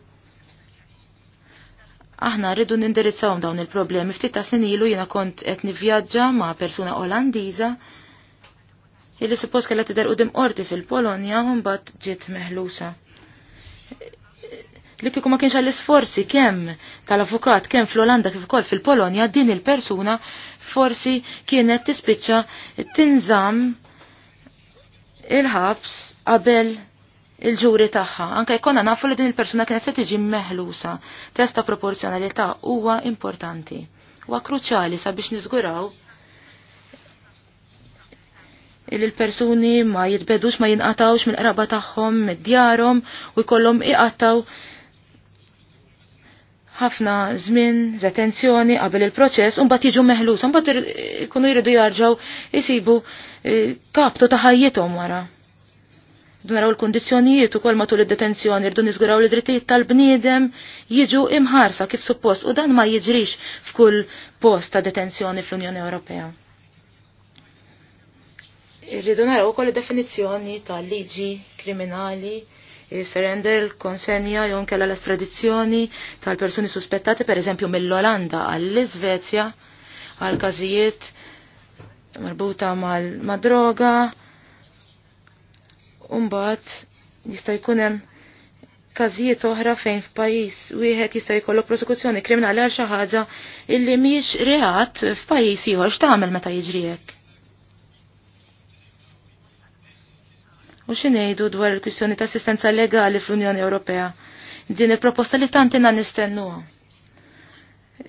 Aħna rridu nindirizzaw dawn il-problemi. Ftit ta' ilu jiena kont qed nivvjaġġa ma' persuna Olandiża illi suppost kellha tidher qudiem qorti fil-Polonja u mbagħad ġiet meħlusa. Li kieku ma kienx għall-isforzi kemm tal-avukat kemm fl-Olanda kif ukoll fil-Polonja din il-persuna forsi kienet tispiċċa tinżamm il-ħabs qabel il-ġuri tagħha. Anke jkollna nafu li din il-persuna kienet se tiġi meħlusa. testa proporzjonalità huwa importanti. Huwa kruċjali sabiex niżguraw il l-persuni ma jitbedux ma jinqatawx mill-qraba tagħhom mid-djarhom u jkollhom iqattaw ħafna żmien, retenzjoni qabel il-proċess u mbagħad jiġu meħlusa, mbagħad ikunu jridu jarġgħu isibu eh, kaptu ta' ħajjithom wara. Rdu naraw l-kondizjonijiet ukoll matul id-detenzjoni, rdu niżguraw l drittijiet tal-bniedem jiġu imħarsa kif suppost u dan ma jiġrix f'kull post ta' detenzjoni fl-Unjoni Ewropea. Irridu naraw ukoll id-definizzjoni tal-liġi kriminali surrender l-konsenja jew kella l-estradizzjoni tal-persuni suspettati pereżempju mill-Olanda għall-Iżvezja għal każijiet marbuta mal-droga, mal Umbat jista' jkun hemm każijiet oħra fejn f'pajjiż wieħed jista' jkollok prosekuzzjoni kriminali għal xi ħaġa illi mhijiex reat f'pajjiż ieħor x'tagħmel meta jiġri hekk. U x'ingħidu dwar il-kwistjoni ta' assistenza legali fl-Unjoni Ewropea? Din il-proposta li tantina nistennuha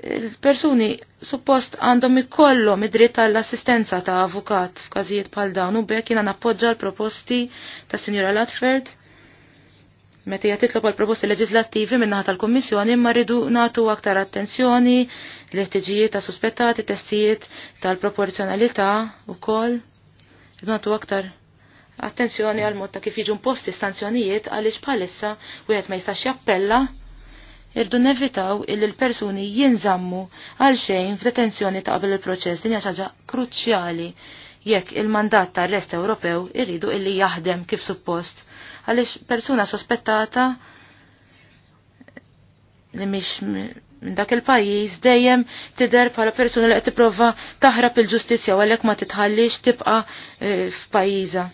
il-persuni suppost għandhom ikollhom id-dritt għall-assistenza ta' avukat f'każijiet bħal dawn u bekk jiena nappoġġa l-proposti ta' Sinjura Latford meta hija titlob għal proposti leġislattivi minnaħa tal-Kummissjoni imma rridu nagħtu aktar attenzjoni l-ħtiġijiet ta' suspettati, testijiet tal-proporzjonalità wkoll. Rridu nagħtu aktar attenzjoni għal mod ta' kif jiġu imposti stanzjonijiet għaliex bħalissa wieħed ma jistax jappella irdu nevitaw illi l-persuni jinżammu għal xejn f'detenzjoni ta' qabel il-proċess din ħaġa kruċjali jekk il-mandat ta' arrest Ewropew irridu illi jaħdem kif suppost għaliex persuna sospettata li mhix minn dak il-pajjiż dejjem tidher bħala persuna li qed tipprova taħrab il-ġustizzja għalhekk ma titħallix tibqa' eh, f'pajjiża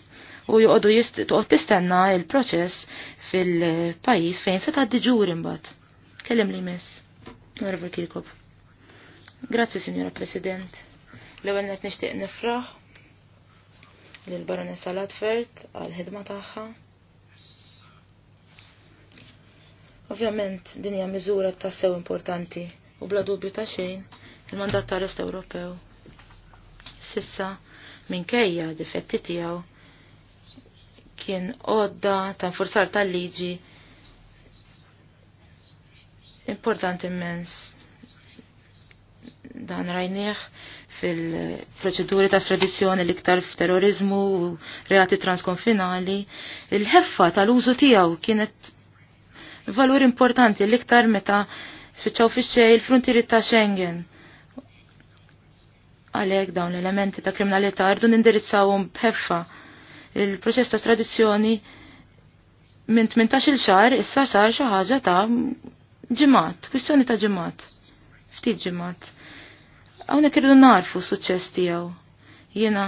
u joqogħdu toqgħod tistenna il-proċess fil-pajjiż fejn se tgħaddi ġuri mbagħad. Kellem li mess. Nervu Kirkob. Grazzi, Signora President. L-ewwel qed nixtieq nifraħ lil Baronessa Latfert għal ħidma tagħha. Ovvjament din hija miżura tassew importanti u bla dubju ta' xejn il-mandat ta' rest Ewropew. Sissa minkejja difetti tiegħu kien għodda ta' forzar tal-liġi importanti immens. Dan rajnieħ fil-proċeduri ta' tradizjoni l-iktar f'terrorizmu u reati transkonfinali. Il-ħeffa tal-użu tiegħu kienet valur importanti l-iktar meta spiċċaw fix-xej il frontiri ta' Schengen għalek dawn l-elementi ta' kriminalità rdu nindirizzawhom bħeffa. Il-proċess ta' tradizzjoni minn 18 il xar issa sar xi ħaġa ta' Ġimat, kwistjoni ta' ġimat. Ftit ġimat. Hawnhekk irridu narfu s-suċċess tiegħu. Jiena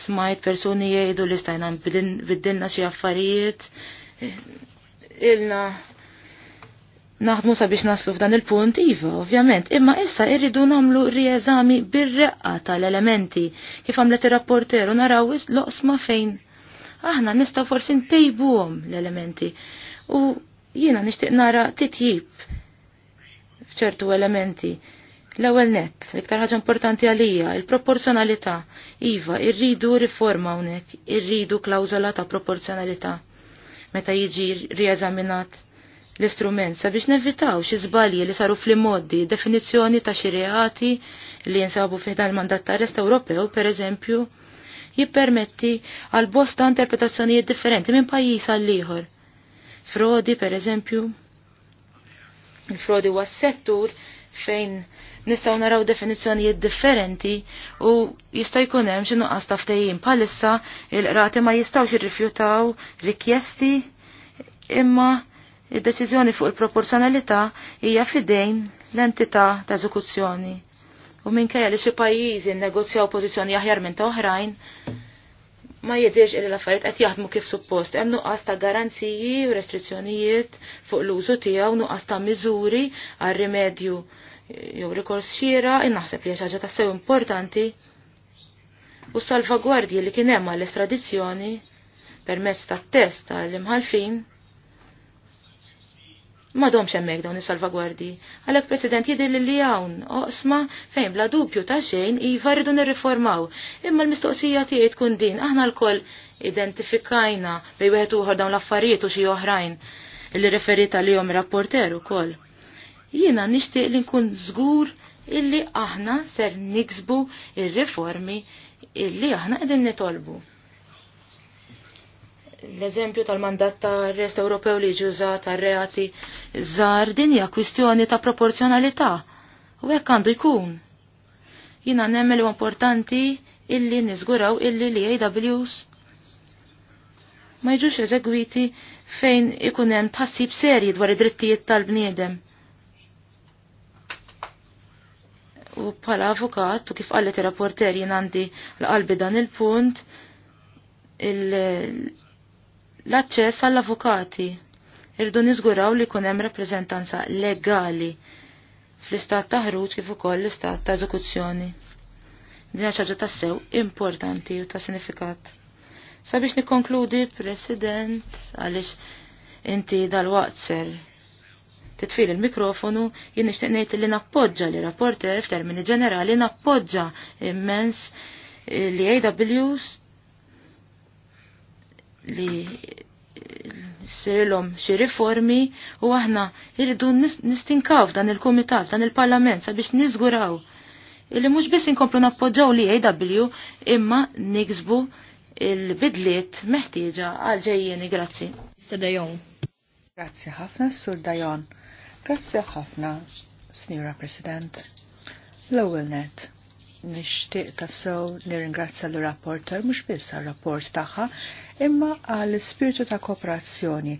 smajt persuni jgħidu li stajna biddilna xi affarijiet. Ilna naħdmu sabiex naslu f'dan il-punt, iva, ovvjament, imma issa irridu namlu rieżami bir-reqqa tal-elementi kif għamlet ir-rapporter u naraw loqsma fejn. Aħna nistaw forsi ntejbuhom l-elementi u Jiena nixtieq nara titjib f'ċertu elementi. L-ewwel nett, l-iktar ħaġa importanti għalija, il-proporzjonalità. Iva, irridu riforma hawnhekk, irridu klawzola ta' proporzjonalità. Meta jiġi rieżaminat l-istrument sabiex nevitaw xi żbalji li saru fl-immoddi, definizzjoni ta' xi reati li jinsabu fiħdan il-mandat ta' rest Ewropew, pereżempju, jippermetti għal bosta interpretazzjonijiet differenti minn pajjiż għal ieħor frodi per eżempju. Il-frodi huwa settur fejn nistgħu naraw definizzjonijiet differenti u jista' jkun hemm xi nuqqas ta' bħalissa il-qrati ma jistgħux irrifjutaw rikjesti imma id-deċiżjoni fuq il-proporzjonalità hija fidejn l-entità ta' eżekuzzjoni. U minkejja li xi pajjiżi nnegozjaw pożizzjoni aħjar minn ta' oħrajn, ma jidirx il l-affarijiet qed jaħdmu kif suppost. Hemm nuqqas ta' garanziji u restrizzjonijiet fuq l-użu tiegħu, nuqqas ta' miżuri għal rimedju jew rikors xira, innaħseb li ħaġa tassew importanti. U s salvagwardji li kien hemm għall estradizzjoni permezz tat-test tal-imħalfin Madom xemmek dawn is-salvagwardi. Għalek President jidir li hawn oqsma fejn bla dubju ta' xejn iva rridu nirriformaw. Imma l-mistoqsija tiegħi tkun din aħna lkoll identifikajna bej wieħed uħor dawn l-affarijiet u xi oħrajn li referita li jom rapporter ukoll. Jiena nixtieq li nkun żgur illi aħna ser niksbu ir-riformi illi aħna qegħdin nitolbu l-eżempju tal-mandat ta' rest Ewropew li ġuża ta' reati żar din hija kwistjoni ta' proporzjonalità. U hekk għandu jkun. Jina nemmel importanti illi niżguraw illi li AWs ma jġux eżegwiti fejn ikun hemm tħassib serji dwar id-drittijiet tal-bniedem. U bħala avukat u kif qalet ir-rapporter jien għandi l-qalbi dan il-punt il-, -punt, il il l-aċċess għall-avukati. Irdu niżguraw li kunem hemm rappreżentanza legali fl-istat ta' ħruġ kif ukoll l-istat ta' eżekuzzjoni. Din ħaġa ta' sew importanti u ta' sinifikat. Sabiex nikkonkludi, President, għaliex inti dal-waqt ser titfil il-mikrofonu, jien nixtieq ngħid li nappoġġa li rapporter f'termini ġenerali nappoġġa immens li AWs li sirilhom xi riformi u aħna irridu nistinkaw f'dan il-Kumitat, dan il-Parlament sabiex niżguraw illi mhux biss inkomplu nappoġġaw li AW imma niksbu il-bidliet meħtieġa għal ġejjeni grazzi. Sadajon. Grazzi ħafna, Sur Dajon. Grazzi ħafna, Signora President. L-ewwel net nishtiq tassew nirringrazzja l rapporter mhux biss għar-rapport tagħha, imma għall spiritu ta' kooperazzjoni.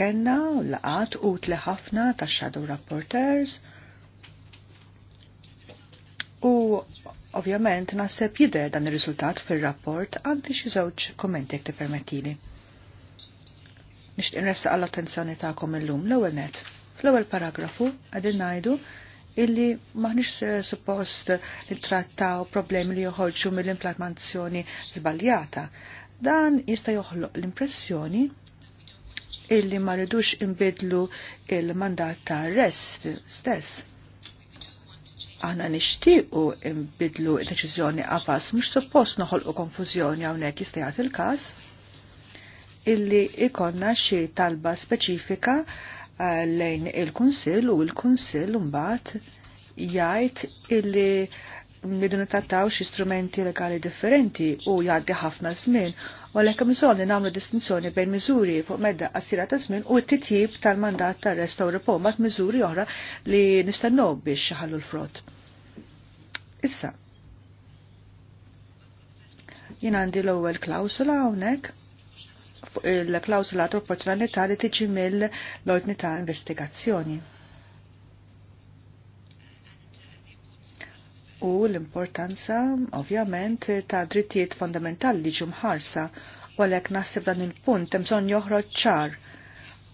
Kenna laqat utli ħafna ta' shadow rapporters. U ovvjament naħseb jidher dan ir-riżultat fir-rapport għandi xi żewġ kommenti jekk permettili. Nixtieq nressa għall-attenzjoni tagħkom illum l-ewwel net. Fl-ewwel paragrafu qegħdin ngħidu illi maħnix eh, suppost nittrattaw problemi li joħolġu mill-implementazzjoni zbaljata. Dan jista' joħloq l-impressjoni illi ma rridux imbidlu il-mandat ta' arrest stess. Aħna nixtiequ imbidlu il deċiżjoni għafas mhux suppost noħolqu konfużjoni hawnhekk jista' jagħti il-każ illi ikonna xi talba speċifika lejn il-Kunsill u il-Kunsill mbagħad jgħid illi nidu nitattaw xi strumenti legali differenti u jgħaddi ħafna żmien u għalhekk bżonn li nagħmlu distinzjoni bejn miżuri fuq medda qasira ta' żmien u t-titjib tal-mandat tar-rest Ewropew mat miżuri oħra li nistennew biex ħallu l-frott. Issa. Jien għandi l-ewwel klawsula hawnhekk il-klausula ta' proporzjonalità li tiġi mill-ordni l ta' investigazzjoni. U l-importanza, ovvjament, ta' drittijiet fondamentali li ġumħarsa u għalek nasib dan il-punt temżon joħroġ ċar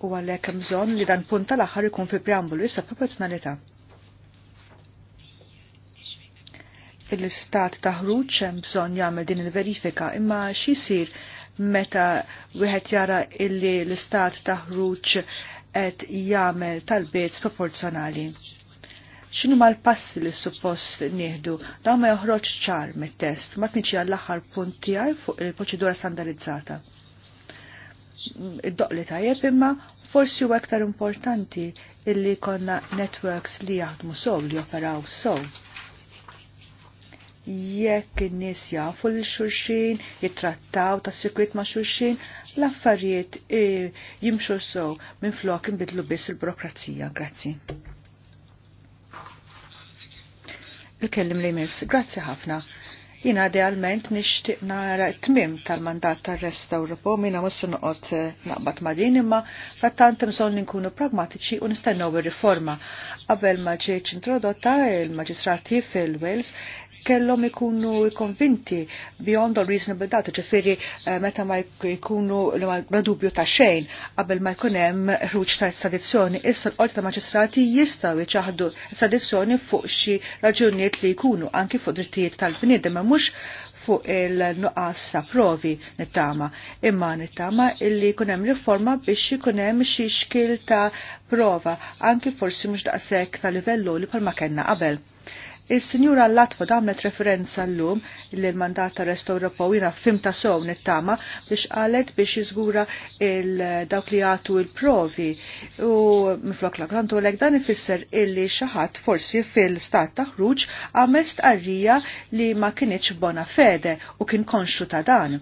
u għalek mżon li dan punt tal-axar ikun fi preambulu jissa proporzjonalità. Il-istat taħruċ hemm bżonn jagħmel din il-verifika imma x'isir meta wieħed jara illi l-istat taħruġ qed jagħmel talbiet proporzjonali. X'inhu mal l-passi li suppost nieħdu dawn ma joħroġ ċar mit-test ma kienx għall l-aħħar punt tiegħi fuq il-proċedura standardizzata. Id-doqli tajjeb imma forsi u aktar importanti illi konna networks li jaħdmu sow li operaw sow jekk in-nies jafu l xulxin, jittrattaw ta' sikwit ma' xulxin, l-affarijiet e, jimxu sew minn flok inbidlu biss il-burokrazija. Grazzi. Il-kellim li mis, grazzi ħafna. Jina idealment nixtieq nara t mim tal-mandat tar-resta Ewropew minna mussu noqgħod e, naqbad ma' din imma frattant imżon li nkunu pragmatiċi u nistennew ir-riforma. Qabel ma ġietx introdotta il-maġistrati fil-Wales kellhom ikunu konvinti beyond a reasonable doubt, ġifieri eh, meta ma jkunu la dubju ta' xejn qabel ma jkun hemm ħruġ ta' sadizzjoni, issa l-qorti ta' maġistrati jistgħu jiċaħdu sadizzjoni fuq xi raġunijiet li jkunu anki fuq drittijiet tal-bniedem ma mhux fuq il-nuqqas ta' provi nittama. Imma nittama illi kunem riforma biex kunem xi xkil ta' prova, anki forsi mhux daqshekk ta' livellu li palma kellna qabel. Il-Sinjura Latva damlet referenza l-lum il-mandat ta' Restore jina fim ta' sow nittama biex għalet biex jizgura il-dawk li għatu il-provi u miflok la' għantu l dan ifisser illi xaħat forsi fil-stat ta' ħruġ għamest arrija li ma kienieċ bona fede u kien konxu ta' dan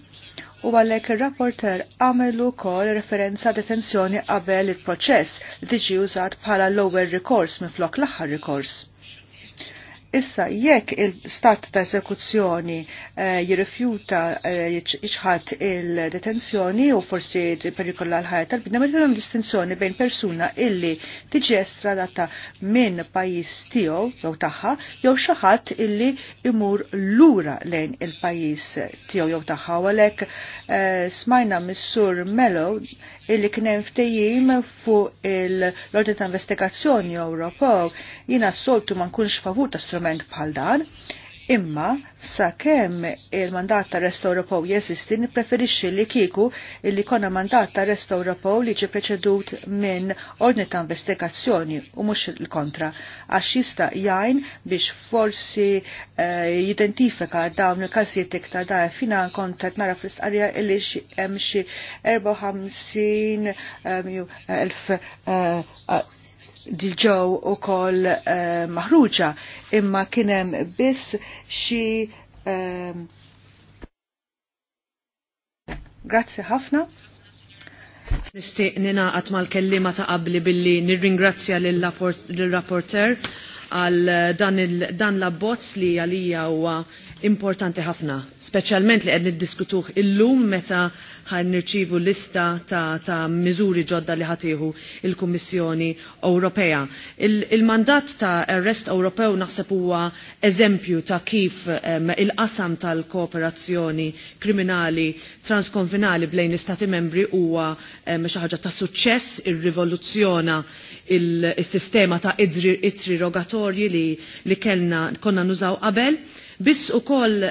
u għalek il-rapporter għamelu kol referenza detenzjoni qabel il-proċess li tiġi użat bħala lower recourse rikors minn l-aħħar rikors. Issa, jekk il-stat ta' esekuzzjoni eh, jirrifjuta eh, iċħat il-detenzjoni u forsi perikolla l-ħajja tal-bidna, ma distinzjoni bejn persuna illi tiġi estradata minn pajis tiegħu jew tagħha jew xi ħadd illi imur lura lejn il-pajis tiegħu jew tagħha għalhekk eh, smajna missur sur Mellow illi knem ftejjim fuq l-ordin ta' investigazzjoni Europol, Jina s-soltu ma nkunx favur ta' strument bħal dan, Imma sa kemm il-mandat ta' Rest Ewropew jeżisti nippreferixxi li kieku li konna mandat ta' Rest Ewropew li ġi preċedut minn ordni ta' investigazzjoni u mhux il-kontra għax jista' jgħin biex forsi eh, jidentifika dawn il-każijiet iktar da' fina kont qed nara fl-istqarrija li hemm xi 54 eh, elf eh, dilġaw u kol uh, eh, maħruġa imma kienem biss xi uh, Grazzi ħafna. Nishtiq ninaqat mal-kellima ta' qabli billi nirringrazzja l rapporter għal eh, dan l-abbozz li għalija u huwa importanti ħafna, speċjalment li qed niddiskutuh illum meta ħan nirċivu lista ta', ta miżuri ġodda li ħatiħu il-Kummissjoni Ewropea. Il-mandat il ta' Arrest Ewropew naħseb huwa eżempju ta' kif um, il-qasam tal-kooperazzjoni kriminali transkonfinali bejn istati membri huwa um, xi ħaġa ta' suċċess ir-rivoluzzjona il-sistema ta' itri rogatorji li, li kellna konna nużaw qabel Biss u koll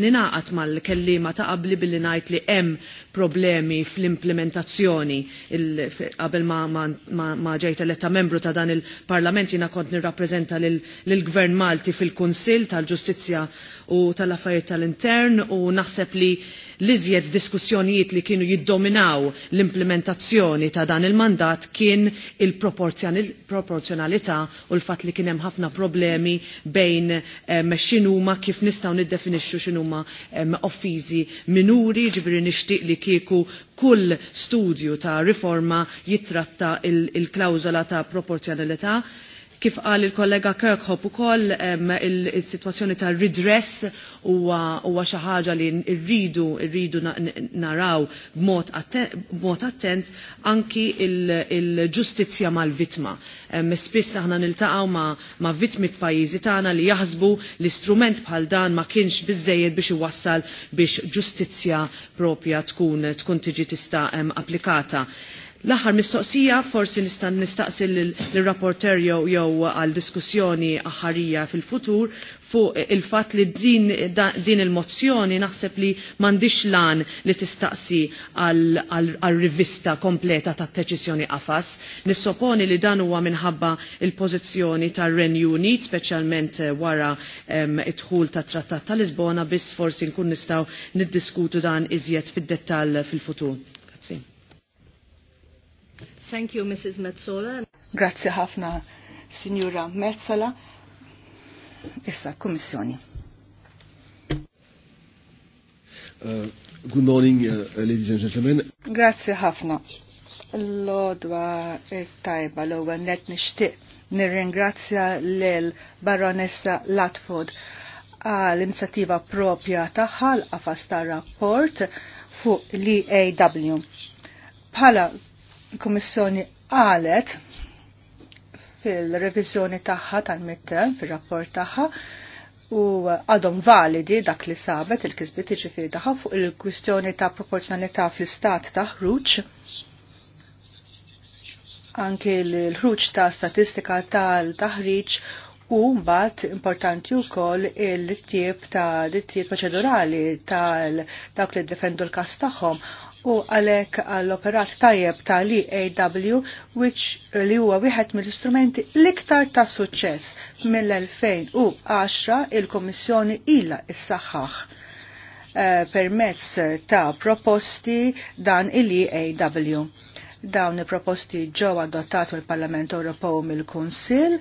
ninaqat mal-kellima ta' qabli billi najt li hemm problemi fl-implementazzjoni qabel ma, ma, ma, ma membru ta' dan il-parlament jina kont nirrapprezenta l-gvern Malti fil-Kunsil tal-Ġustizzja u tal-Affarijiet tal-Intern u naħseb li L-iżjed diskussjonijiet li kienu jiddominaw l-implementazzjoni ta' dan il-mandat kien il-proporzjonalità u l-fat li kienem ħafna problemi bejn eh, x'inhuma kif nistaw niddefinixxu xinuma eh, offiżi minuri, ġifiri nixtieq li kieku kull studju ta' riforma jitratta il-klawzola ta' proporzjonalità kif qal il-kollega u ukoll il-sitwazzjoni ta' redress huwa xi ħaġa li rridu rridu naraw b'mod attent anki il-ġustizzja mal-vittma. Spiss aħna niltaqgħu ma' vittmi f'pajjiżi tagħna li jaħsbu l-istrument bħal dan ma kienx biżejjed biex iwassal biex ġustizzja propja tkun tkun tiġi tista' applikata. L-aħħar mistoqsija forsi nista' nistaqsi l-rapporter jew għal diskussjoni aħarija fil-futur fuq il-fatt li din, din il-mozzjoni naħseb li m'għandix lan li tistaqsi għal rivista kompleta ta' deċiżjoni għafas. Nissoponi li dan huwa minħabba il-pożizzjoni tar renju Unit, speċjalment eh, wara it-dħul ta' Trattat ta' Lisbona, biss forsi nkun nistgħu niddiskutu dan iżjed fid-dettall fil-futur. Grazie. Thank you, Mrs. Metzola. Grazie ħafna, Signora Metzola. Issa, Kommissjoni. Uh, good morning, uh, ladies and gentlemen. Grazie ħafna. L-odwa eh, tajba l-ewwel net nixtieq nirringrazzja lil Baronessa Latford għal inizjattiva propja tagħha l-qafas ta' rapport fuq l-EAW. Bħala il-Kommissjoni għalet fil-revizjoni tagħha tal mittel fil-rapport tagħha, u għadhom validi dak li sabet il-kisbit ġifiri tagħha fuq il-kwistjoni ta' proporzjonalità fl-istat ta' ħruġ. Anke l-ħruġ ta' statistika tal-taħriġ U mbagħad importanti wkoll il tip ta' dittijiet proċedurali tal dawk li defendu l-każ tagħhom u għalek għall-operat tajjeb ta' li eaw which eh, li huwa wieħed mill-istrumenti l-iktar ta' suċċess mill-2010 il-Kommissjoni ilha is-saħħaħ eh, permezz ta' proposti dan il-EAW. Dawn il-proposti ġew adottati l parlament Ewropew mill-Kunsill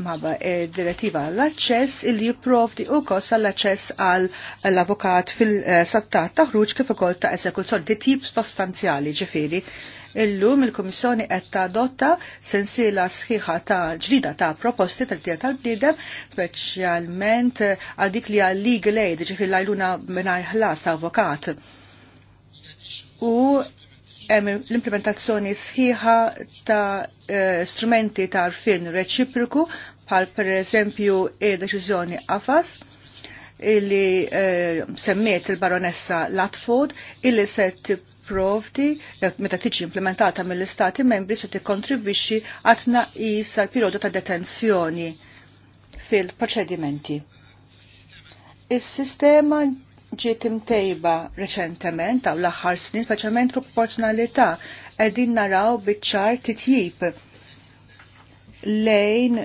mħabba eh, direttiva l-aċċess illi jipprovdi u kos għall-aċċess għall-avukat fil-sattat taħruġ kif ukoll ta' eżekuzzjoni di tip sostanzjali ġifieri. Illum il-Kummissjoni qed tadotta sensiela sħiħa ta' ġdida ta' proposti tal-tija tal-bniedem, speċjalment eh, għal dik li għal legal aid ġifiri l-għajluna mingħajr ħlas ta' avukat. U l-implementazzjoni sħiħa ta' eh, strumenti ta' arfin reċipriku bħal per eżempju e-deċiżjoni AFAS illi eh, semmiet il-baronessa Latford illi se provdi, eh, meta tiġi implementata mill-istati membri se tikkontribwixxi għatna is għal-perjodu ta' detenzjoni fil-proċedimenti. Is-sistema ġiet imtejba reċentement għaw l-aħħar snin, speċjalment proporzjonalità qegħdin naraw biċ-ċar titjib lejn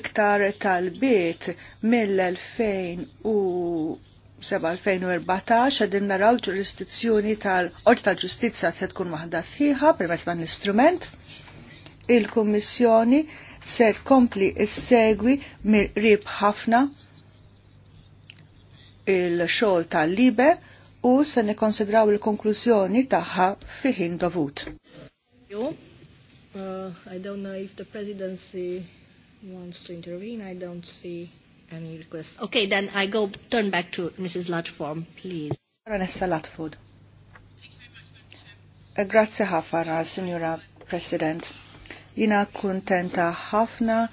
iktar tal-bit u 2014 għedin naraw ġurisdizzjoni tal-Qorti tal-Ġustizza se tkun maħda sħiħa permezz dan l-istrument. Il-Kummissjoni se tkompli s-segwi mir rib ħafna il xol tal-libe u se nikkonsidraw il-konklużjoni tagħha fi ħin dovut. uh, I don't know if the presidency wants to intervene. I don't see any requests. Okay, then I go turn back to Mrs. Latform, please. Baronessa Latford. Eh, grazie ħafna, Signora President. Jina kuntenta ħafna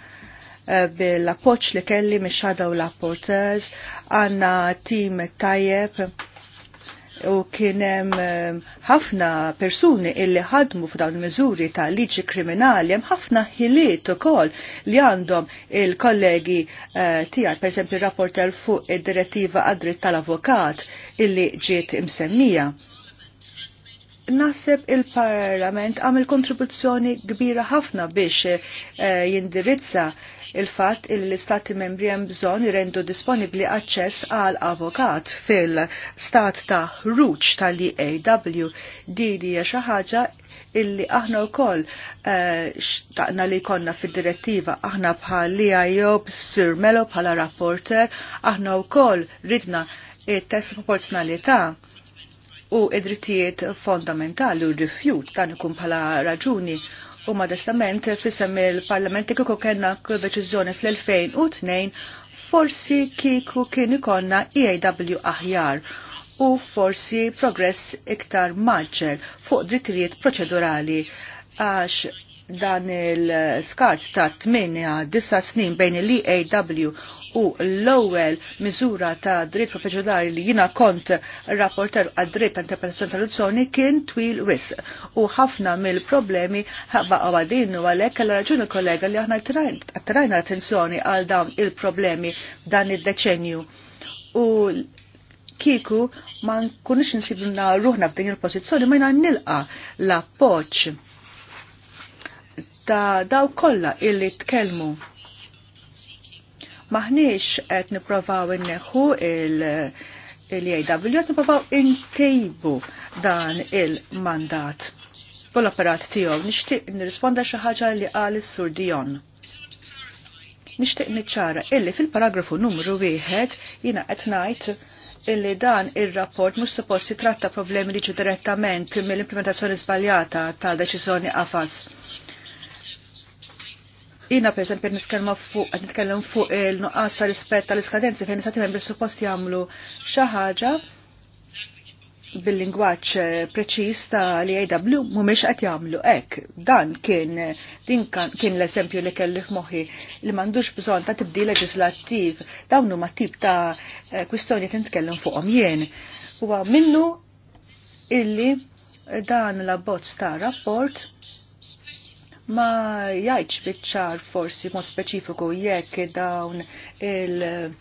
Eh, bil-appoċ li kelli mi xadaw l-apporters, għanna tim tajjeb u kienem eh, ħafna persuni illi ħadmu f'dawn miżuri ta' liġi kriminali hemm ħafna ħiliet ukoll li għandhom il-kollegi uh, eh, tiegħek pereżempju rapporter fuq id-direttiva għad-dritt tal-avukat illi ġiet imsemmija Naseb il-Parlament għamil kontribuzzjoni kbira ħafna biex eh, jindirizza il-fat il fat il stati membri hemm bżonn jrendu disponibli aċċess għal avokat fil-stat ta' ruċ tal-EAW. Didi hija xi ħaġa illi aħna wkoll eh, xtaqna li konna fid-direttiva aħna bħal li e għajob Sir Melo bħala rapporter aħna wkoll ridna it-test proporzjonalità u id-drittijiet fondamentali u rifjut dan ikun bħala raġuni u modestament fissem il-parlament li kiku kena deċizjoni fl-2002 forsi kiku kien ikonna EAW aħjar u forsi progress iktar maġġel fuq drittijiet proċedurali għax dan il skart ta' 8-9 snin bejn l-EAW u l-ewwel miżura ta' dritt proċedurali li jina kont rapporter għad dritt ta' interpretazzjoni tal kien twil wis u ħafna mill-problemi ħabba għawadin u għalhekk għal raġuni kollega li aħna attrajna attenzjoni għal dawn il-problemi dan id-deċenju. U kieku ma nkunux nsibna ruħna f'din il-pożizzjoni ma jina nilqa l-appoġġ ta' daw kollha illi tkellmu. Maħniex qed nipprovaw inneħħu il- l-AW nipprovaw intejbu dan il-mandat. kol operat tiegħu nixtieq nirrisponda xi ħaġa li qal s sur Dion nishtiq niċċara illi fil-paragrafu numru wieħed jina qed ngħid illi dan ir-rapport mux mhux suppost jitratta problemi li direttament mill-implementazzjoni żbaljata ta' deċiżjoni għafas. Ina per esempio nitkellem fuq qed nitkellem fuq il-nuqqas ta' rispett tal-iskadenzi fejn nistati membri suppost jagħmlu xi ħaġa bil-lingwaġġ preċiż ta' li AW mhumiex qed jagħmlu hekk. Dan kien din kien l-eżempju li kelli f'moħħi li m'għandux bżonn ta' tibdil leġislattiv dawn huma tip ta' kwistjoni tintkellem fuqhom jien. Huwa minnu illi dan l-abbozz ta' rapport ma jgħidx bitċar forsi mod speċifiku jekk dawn il-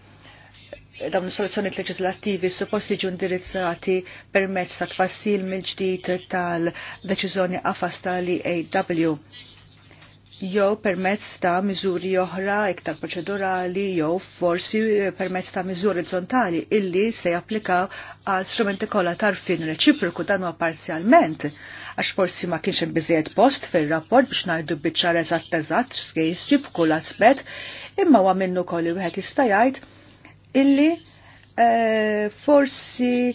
dawn is-soluzzjonijiet leġislattivi suppost jiġu indirizzati permezz ta' tfassil mill-ġdid tal-deċiżjoni qafas tal-EAW jew permezz ta' miżuri oħra iktar proċedurali jew forsi permezz ta' miżuri orizzontali illi se japplikaw għal strumenti kollha tarfin reċiproku dan huwa parzjalment għax forsi ma kienx hemm post fir-rapport biex ngħidu biċċar eżatt eżatt x'se f'kull aspett, imma huwa minnu kolli wieħed jista' jgħid illi e, forsi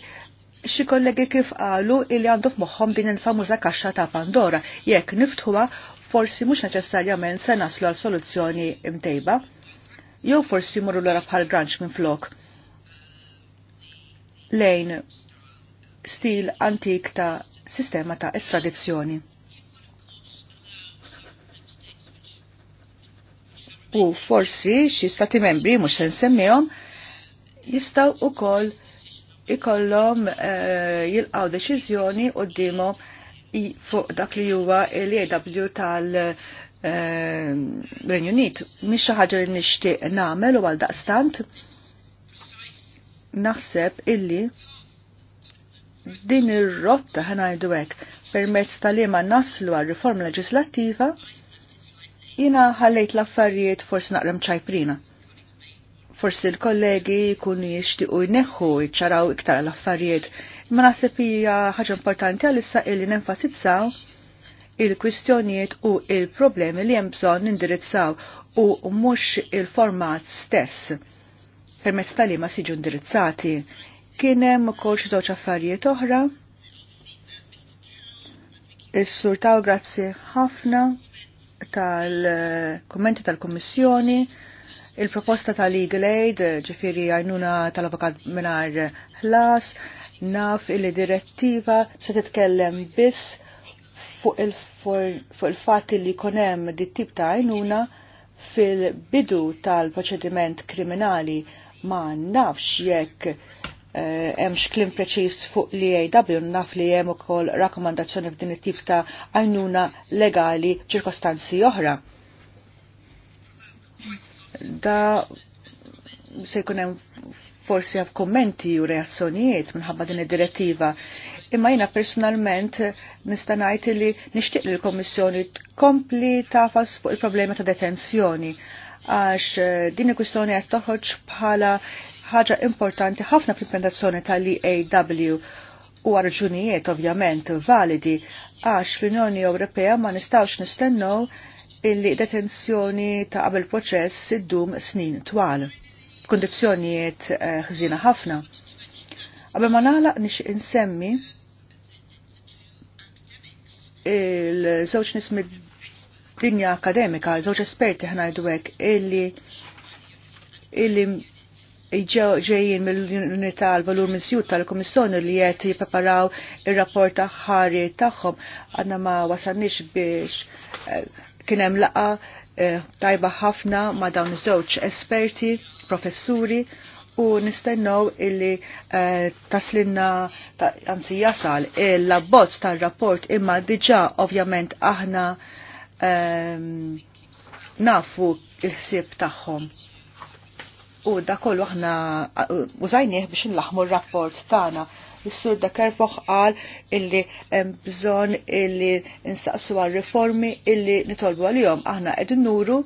xi kollegi kif qalu illi għandu f'moħħom din il-famuża kaxxa ta' Pandora. Jekk niftħuha forsi mhux neċessarjament se naslu għal soluzzjoni imtejba. Jew forsi l lura bħal granċ minn flok. Lejn stil antik ta' sistema ta' estradizzjoni. U forsi xi stati membri mhux se nsemmihom jistgħu ukoll ikollhom e, jilqgħu deċiżjoni dimo fuq dak li huwa l aw tal eh, Renju Unit. Mhix xi ħaġa li nixtieq nagħmel u għal daqstant naħseb illi din ir-rotta ħanajdu hekk permezz tal-ema naslu għal riform leġislattiva, jina ħallejt l-affarijiet forsi naqrem ċajprina. Forsi l-kollegi kunu jishtiqu jneħħu jċaraw iktar l-affarijiet, ma naħseb hija ħaġa importanti għalissa illi nenfasizzaw il-kwistjonijiet u il-problemi li hemm bżonn nindirizzaw u mhux il-format stess permezz tal-ima siġu indirizzati Kienem kol xie żewġ affarijiet oħra. Is-sur taw grazzi ħafna tal-kommenti tal-Kommissjoni, il-proposta tal-Legal Aid, ġifiri għajnuna tal-avokat minar ħlas, naf il-direttiva se titkellem biss fuq il-fat il li konem di tip ta' għajnuna fil-bidu tal-proċediment kriminali ma nafx jekk Eh, hemm xklim preċiż fuq li AW naf li hemm ukoll rakkomandazzjoni f'din it-tip ta' għajnuna legali ċirkostanzi oħra. Da se jkun hemm forsi għab kommenti u reazzjonijiet minħabba din id-direttiva. Imma jina personalment nistanajt li nishtiq li l-Komissjoni tkompli tafas fuq il-problema ta' detenzjoni għax eh, din il-kwistjoni qed toħroġ bħala ħaġa importanti ħafna fl-implementazzjoni tal-EAW u raġunijiet ovvjament validi għax fl-Unjoni Ewropea ma nistawx nistennew illi detenzjoni ta' qabel proċess iddum snin twal. Kondizjonijiet eh, ħżina ħafna. Qabel ma nagħlaq nix insemmi il-żewġ nismi dinja akademika, żewġ esperti ħnajdu hekk illi illi ġejjin mill-unità l-valur misjut tal-Komissjoni li qed jippreparaw ir-rapport ta' ħari tagħhom għandna ma wasalniex biex eh, kien hemm laqa eh, tajba ħafna ma' dawn iż-żewġ esperti, professuri u nistennew illi eh, taslinna anzi jasal il-labbozz tal-rapport imma diġà ovvjament aħna ehm, nafu il-ħsieb tagħhom u da kollu aħna uh, użajnieh biex nlaħmu r-rapport tagħna. Is-sur da kerfoħ qal illi hemm bżonn illi nsaqsu għal riformi illi nitolbu għalihom aħna qegħdin nuru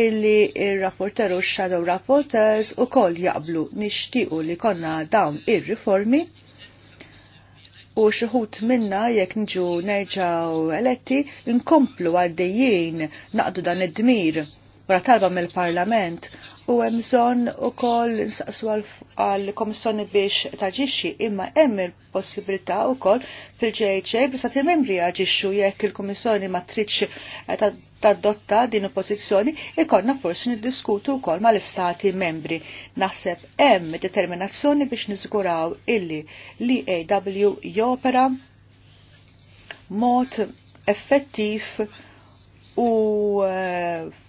illi il rapporteru u shadow rapporters u koll jaqblu nixtiequ li konna dawn ir-riformi u xuħut minna jekk nġu nerġaw eletti nkomplu għaddejjien naqdu dan id-dmir wara talba mill-parlament u hemm bżonn ukoll nsaqsu għall-Komissjoni biex taġixxi imma hemm il-possibilità wkoll fil-JHA biex ta' membri jaġixxu jekk il-Komissjoni ma tridx eh, tadotta din il-pożizzjoni ikonna forsi niddiskutu wkoll mal-Istati membri. Naħseb hemm determinazzjoni biex niżguraw illi li AW jopera mod effettiv u eh,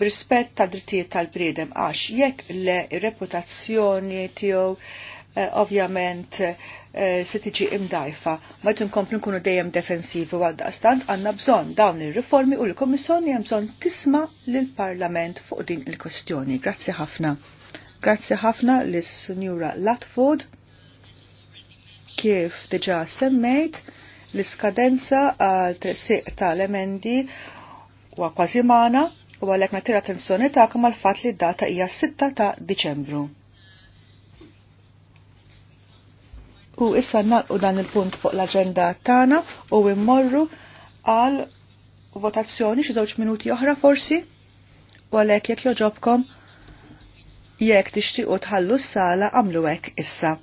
b'rispett ta' drittijiet tal-bniedem għax jekk le reputazzjoni tiegħu eh, ovvjament eh, se tiġi imdajfa ma tinkomplu nkunu dejjem defensivi għal daqstant għandna bżonn dawn ir-riformi u l-Kommissjoni hemm bżonn tisma' lill-Parlament fuq din il-kwestjoni. Grazzi ħafna. Grazzi ħafna lis-Sinjura Latford kif diġa semmejt l-iskadenza għal tresiq tal-emendi u kważi u għalhekk nattira attenzjoni tagħkom għal fatt li d-data hija 6 ta' Diċembru. U issa u dan il-punt fuq l agenda tagħna u immorru għal votazzjoni xi żewġ minuti oħra forsi u għalhekk jekk joġobkom jekk tixtiequ tħallu s-sala għamlu hekk issa.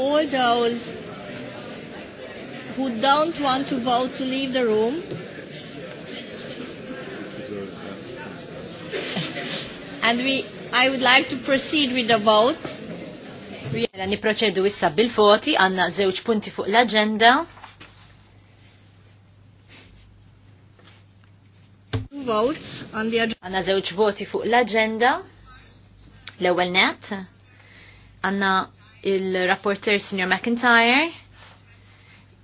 all those who don't want to vote to leave the room. and we, I would like to proceed with the votes. Mela niproċedu issa bil-voti għanna zewċ punti fuq l-agenda. Għanna zewċ voti fuq l-agenda. l ewel net għanna il-rapporter Sr. McIntyre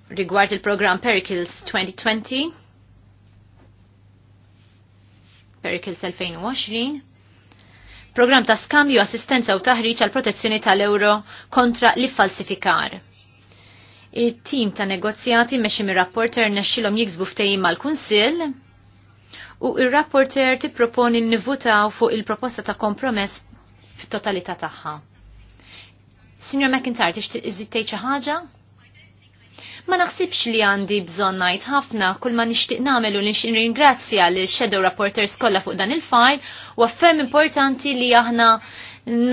rigward il-program Pericles 2020, Pericles 2020, program ta' skambju assistenza u taħriġ għal protezzjoni tal-euro kontra li falsifikar. Il-tim ta' negozjati meċi mir-rapporter nesċilom jiksbu ftejim mal-Kunsil u il-rapporter tipproponi nivutaw fuq il-proposta ta' kompromess fit-totalità tagħha. Signor McIntyre, tixtieq iżid tgħid xi ħaġa? Ma naħsibx li għandi bżonn ngħid ħafna kull ma nixtieq nagħmel u nixtieq ringrazzja lil shadow rapporters kollha fuq dan il-file u affermi importanti li aħna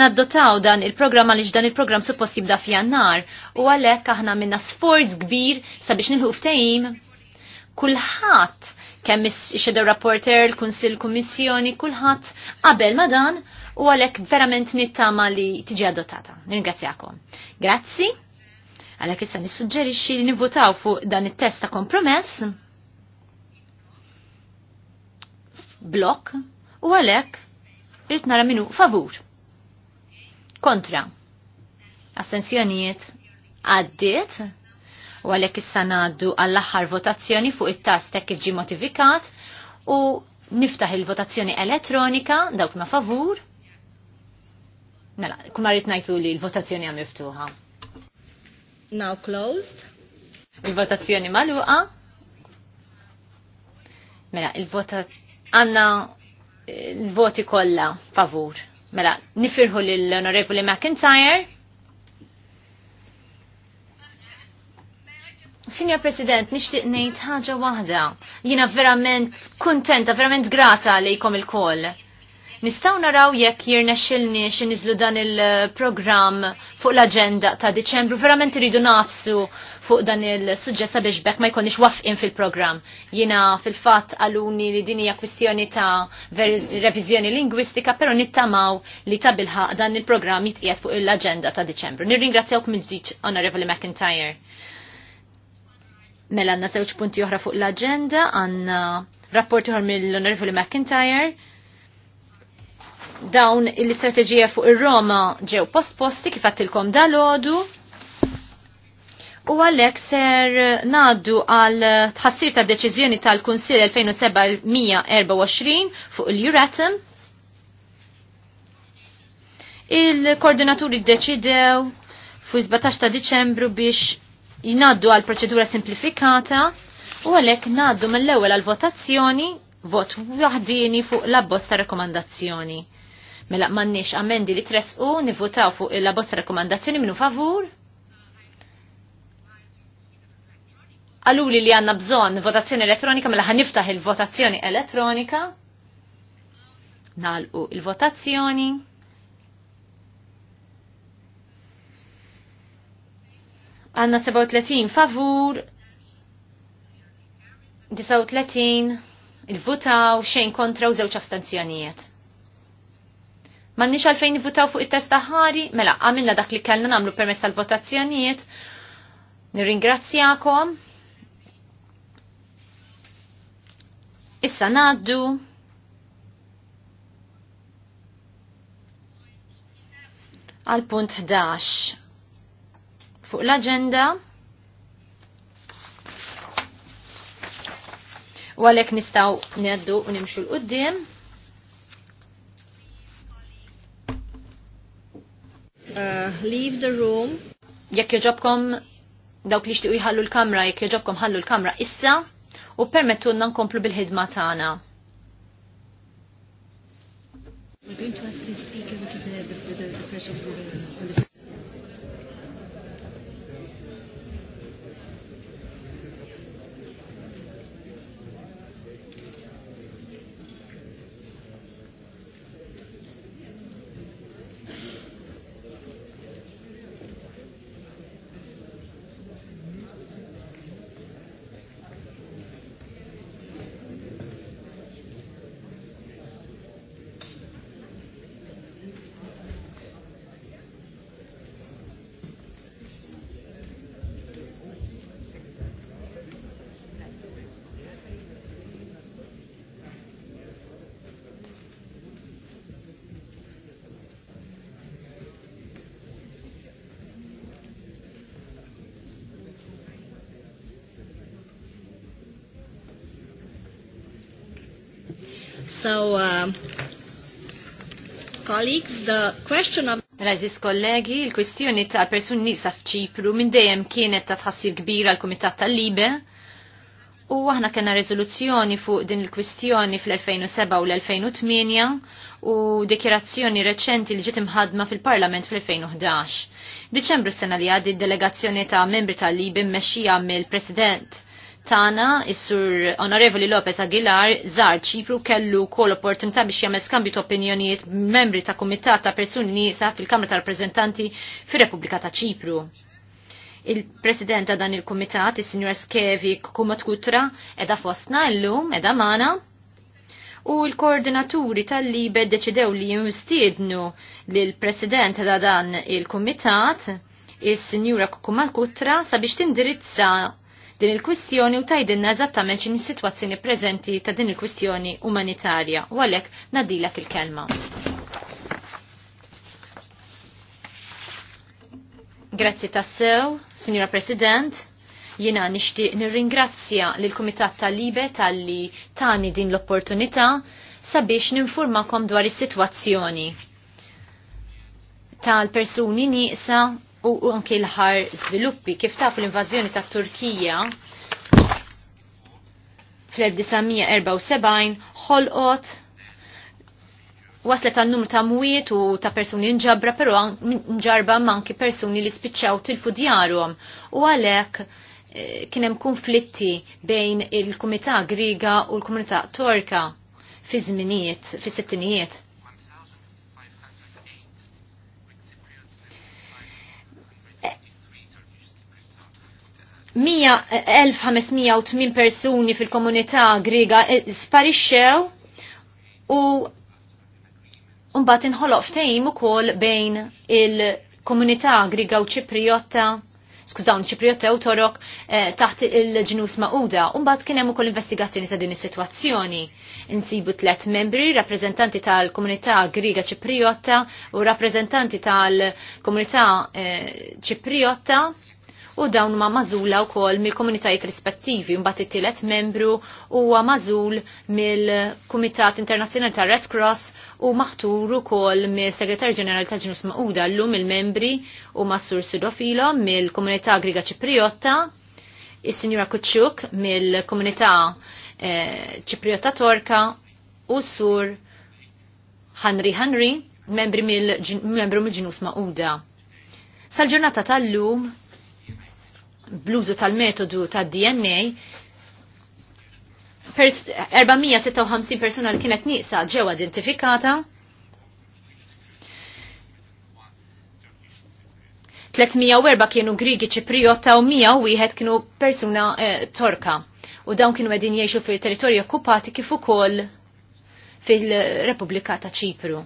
naddotaw dan il-programm għaliex dan il-programm suppost jibda f'jannar u għalhekk aħna minna sforz kbir sabiex nilħu ftehim kulħadd kemm ix-shadow rapporter, l-Kunsill Kummissjoni, kulħadd qabel ma dan u għalhekk verament nittama li tiġi adottata. Nirringrazzjakom. Grazzi. Għalhekk issa nissuġġerixxi li nivvutaw fuq dan it-test ta' kompromess blok u għalhekk irid nara minu favur. Kontra. Astensjonijiet għaddiet u għalhekk issa ngħaddu għall-aħħar votazzjoni fuq it-tast kif ġi motifikat u niftaħ il-votazzjoni elettronika dawk ma' favur. Nala, mela, kumarit rrid li l-votazzjoni għam miftuħa. Now closed. Il-votazzjoni magħluqa. Mela, il-vota għanna eh, il-voti kollha favur. Mela, nifirħu lill-Onorevoli McIntyre Signor President, nixtieq ngħid ħaġa waħda. Jiena verament kuntenta, verament grata lejkom il-koll. Nistgħu naraw jekk xilni xin nizlu dan il-programm fuq l-aġenda ta' Diċembru, verament rridu nafsu fuq dan il-suġġett sabiex bekk ma jkunix wafqin fil-programm. Jiena fil-fatt għaluni li din hija kwistjoni ta' reviżjoni lingwistika, però nittamaw li ta' bilħa dan il-programm jitqiegħed fuq l-aġenda ta' Diċembru. Nirringrazzjawk mill Honorable Onorevoli McIntyre. Mela għanna zewċ punti oħra fuq l-agenda, għanna rapport oħra mill-Onorevoli McIntyre. Dawn l-istrateġija fuq ir-Roma ġew post-posti kif għattilkom dal-ħodu. U għalek ser naddu għal tħassir ta' deċizjoni tal-Kunsil 2724 fuq il-Juratem. Il-koordinaturi deċidew fu 17 ta' Diċembru biex jnaddu għal proċedura simplifikata u għalek naddu mill-ewwel għal votazzjoni vot wahdini fuq la bosta rekomandazzjoni. Mela m'għandniex ammendi li tresqu nivvotaw fuq la bosta rekomandazzjoni minnu favur. Għaluli li għanna bżon votazzjoni elettronika mela ħaniftaħ il-votazzjoni elettronika. Nalqu il-votazzjoni. il votazzjoni Għanna 37 favur, 39 il-votaw xejn kontra u żewġ astanzjonijiet. Mannix għalfejn votaw fuq it testa ħari, mela għamilna dak li kellna namlu permess tal-votazzjonijiet. Nirringrazzjakom. Issa naddu. Għal punt 11 fuq l-agenda. U għalek nistaw neddu u nimxu l-qoddim. Uh, leave the room. Jekk joġobkom dawk li xtiqu jħallu l-kamra, jekk joġobkom ħallu l-kamra issa u permettu permettunna nkomplu bil-ħidma tagħna. We're going to ask the speaker, which is the, the, the, the pressure from the, from colleagues, the question of Raġis mela, kollegi, il-kwistjoni ta' persuni nisa f'ċipru minn dejjem kienet ta' tħassib kbira l-Kumitat tal-Libe u aħna kena rezoluzzjoni fuq din il-kwistjoni fl-2007 u l-2008 u dekjerazzjoni reċenti li ġiet imħadma fil-Parlament fl-2011. Diċembru s-sena li għaddi delegazzjoni ta' membri tal-Libe mmexxija mill-President tana, is-sur Onorevoli Lopez Aguilar, zar ċipru kellu kol opportunità biex jagħmel skambju ta' opinjonijiet membri ta' kumitat ta' persuni nisa fil-Kamra ta' Rappreżentanti fir-Repubblika ta' Ċipru. Il-President ta' dan il-Kumitat, is sinjur Skevi Kumat Kutra, edha fostna llum, edha mana, u l-koordinaturi tal-libe deċidew li jinstidnu l-President ta' dan il-Kumitat, is-Sinjura Kumat Kutra, sabiex tindirizza din il-kwistjoni u tajdinna eżattament x'in situazzjoni sitwazzjoni preżenti ta' din il-kwistjoni umanitarja u għalhekk nadilak il-kelma. Grazzi tassew, Signora President, jina nishti nirringrazzja lill-Kumitat tal-Libe tal-li tani din l-opportunità sabiex ninformakom dwar is-sitwazzjoni tal-persuni nieqsa u anke l-ħar sviluppi. Kif taf l-invażjoni ta' Turkija fl-1974 ħolqot waslet għal numru ta' mwiet u ta' persuni nġabra, pero nġarba manki persuni li spiċċaw tilfu djarhom. U għalhekk eh, kienem konflitti bejn il-Kumità Griga u l-Kumità Torka fi żminijiet, fi sittinijiet. 1580 eh, persuni fil-komunità griga eh, sparixxew u mbagħad inħoloq ftehim ukoll bejn il-komunità griga u ċipriotta skużaw ċipriotta u torok eh, taħt il-ġnus ma'uda. Umbat kien hemm ukoll investigazzjoni ta' din is-sitwazzjoni. Insibu tlet membri, rappreżentanti tal-komunità Griga Ċipriotta u rappreżentanti tal-komunità Ċipriotta u dawn ma mażula wkoll mill-komunitajiet rispettivi mbagħad it-tielet membru huwa mażul mill-Kumitat Internazzjonali tar Red Cross u maħtur ukoll mill segretar Ġenerali ta' ġinus Maquda llum mil membri u Massur Sudofilo mill-Komunità Griga Ċipriotta, is-Sinjura Kuċċuk mill-Komunità eh, Ċipriotta Torka u Sur Henry Henry membri mill ġinus mill Sal-ġurnata tal-lum bluzu tal-metodu tad-DNA 456 persona li kienet nieqsa ġew identifikata 304 kienu Grigi Ċipriota u 101 kienu persuna eh, Torka u dawn kienu għedin jgħixu fil-territorju okkupati kif ukoll fil-Repubblika ta' Ċipru.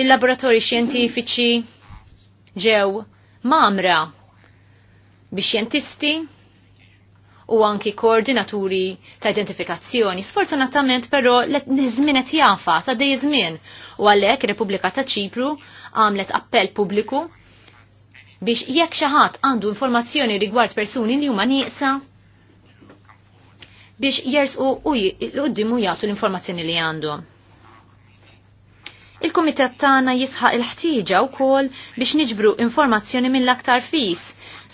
Il-laboratorji xjentifiċi ġew mamra biex xjentisti u anki koordinaturi ta' identifikazzjoni. Sfortunatament però l-żmien qed sa' għaddej żmien u għalhekk Republika repubblika ta' Ċipru għamlet appell pubbliku biex jekk xi ħadd għandu informazzjoni rigward persuni li huma nieqsa biex jersqu u l jagħtu l-informazzjoni li għandhom il komitet tagħna jisħaq il-ħtieġa wkoll biex niġbru informazzjoni mill-aktar fis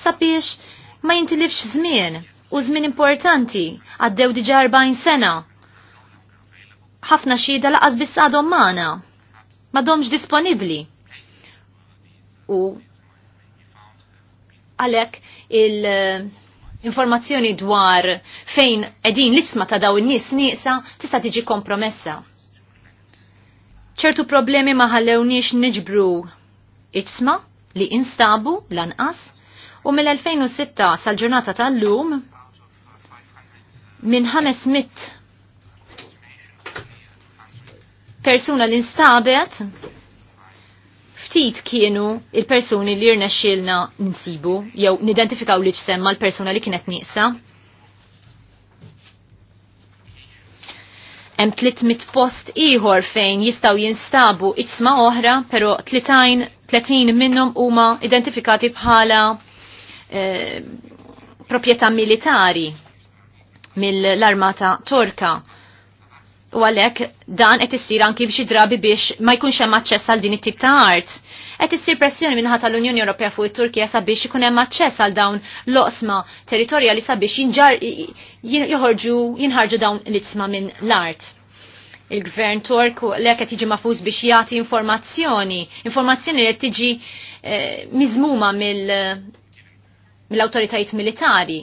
sabiex ma jintilifx żmien u żmien importanti għaddew diġà 40 sena. Ħafna xhieda laqas biss għadhom magħna. M'għadhomx disponibbli. U għalhekk il- informazzjoni dwar fejn edin liċsma ta' daw in-nies nisa tista' tiġi kompromessa ċertu problemi ma ħallewniex niġbru iċsma li instabu lanqas u mill-2006 sal-ġurnata tal-lum minn 500 persuna li instabet ftit kienu il-persuni li rnexxilna nsibu jew nidentifikaw li ċsemma l-persuna li kienet nieqsa. hemm 300 post ieħor fejn jistgħu jinstabu isma oħra, però 30 minnhom huma identifikati bħala eh, proprjetà militari mill-armata torka. U għalhekk dan qed issir anki f'xi drabi biex ma jkunx hemm aċċess għal din it-tip ta' art qed issir pressjoni minħata l-Unjoni Ewropea fuq it-Turkija sabiex ikun hemm aċċess għal dawn l-oqsma territorjali sabiex jinġar joħorġu jinħarġu dawn l-isma minn l-art il-gvern Tork lek qed jiġi mafuż biex jagħti informazzjoni, informazzjoni li tiġi eh, miżmuma mill-awtoritajiet mil militari.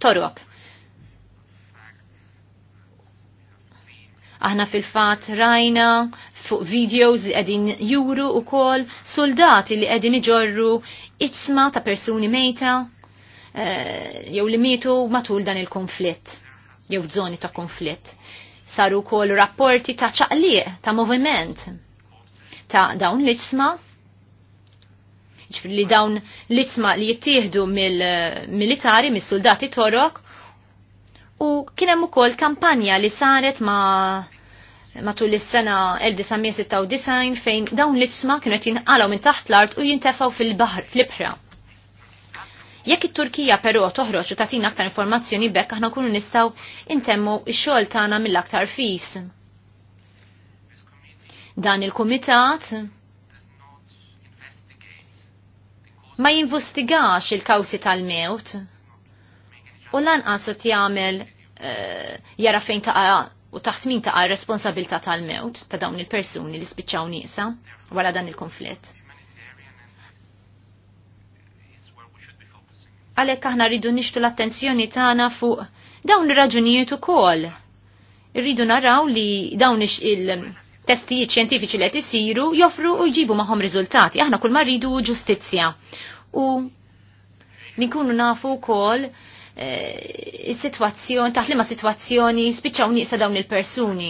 Torok. Aħna fil-fat rajna fuq videos li qegħdin juru u kol soldati li qegħdin iġorru iċsma ta' persuni mejta uh, jew li mietu matul dan il-konflitt jew f'żoni ta' konflitt. Saru kol rapporti ta' ċaqliq, ta' moviment ta' dawn l-iċsma ċifri li dawn l-itzma li jittieħdu mill-militari, mill-soldati torok, u kienem u kol kampanja li saret ma' matul is-sena 1996 fejn dawn l itsma kienu qed jinqalgħu minn taħt l-art u jintefgħu fil-baħr fl-ibħra. Jekk it-Turkija però toħroġ u tagħtina aktar informazzjoni bekk aħna nkunu nistgħu intemmu x-xogħol tagħna mill-aktar fis. Dan il-kumitat ma jinvestigax il-kawsi tal-mewt u lanqas jagħmel eh, jara fejn taqa' u taħt min taqa' responsabilta tal-mewt ta' dawn il-persuni li spiċċaw nieqsa wara dan il-konflitt. Għalhekk aħna rridu nixtu l-attenzjoni tagħna fuq dawn ir-raġunijiet ukoll. Irridu naraw li dawn il-testijiet xjentifiċi li qed isiru joffru u jġibu magħhom riżultati. Aħna kull ma rridu ġustizzja. U nkunu nafu wkoll Eh, is-sitwazzjoni taħt liema sitwazzjoni spiċċaw nieqsa dawn il-persuni.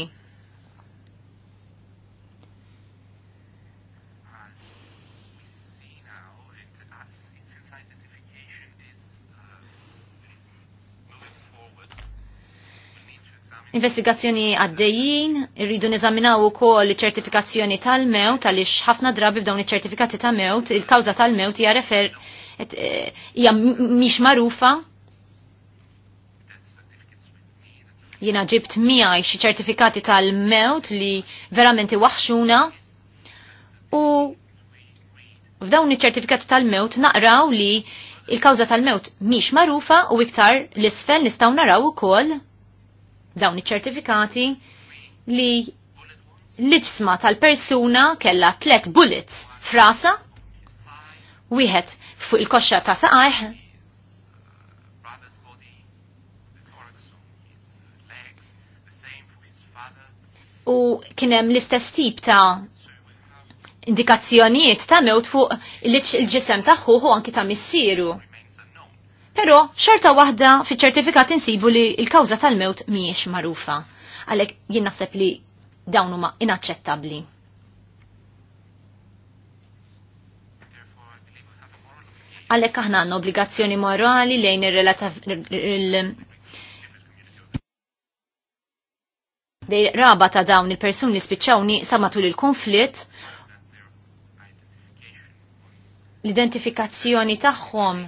Investigazzjoni għaddejjin, irridu neżaminaw ukoll iċ-ċertifikazzjoni tal-mewt għaliex ħafna drabi f'dawn iċ-ċertifikati ta' mewt, il-kawża tal-mewt hija refer eh, hija mhix magħrufa Jina ġibt miħaj xi ċertifikati tal-mewt li verament iwaħxuna u f'dawn iċ-ċertifikati tal-mewt naqraw li il-kawża tal-mewt mhix magħrufa u iktar l-isfel nistgħu naraw ukoll dawn iċ-ċertifikati li l-ġisma tal-persuna kella tlet bullets frasa, wieħed fuq il-koxxa ta' saqajh u kienem l-istess tip ta' indikazzjonijiet ta' mewt fuq il-ġisem tagħhu u anki ta' missieru. Però xorta waħda fiċ ċertifikat insibu li l-kawża tal-mewt mhijiex magħrufa. Għalhekk jien naħseb li dawn huma inaċċettabbli. Għalhekk aħna għandna obbligazzjoni morali lejn il relativ dej raba ta' dawn il-persuni li spiċċawni sa matul il-konflitt l-identifikazzjoni tagħhom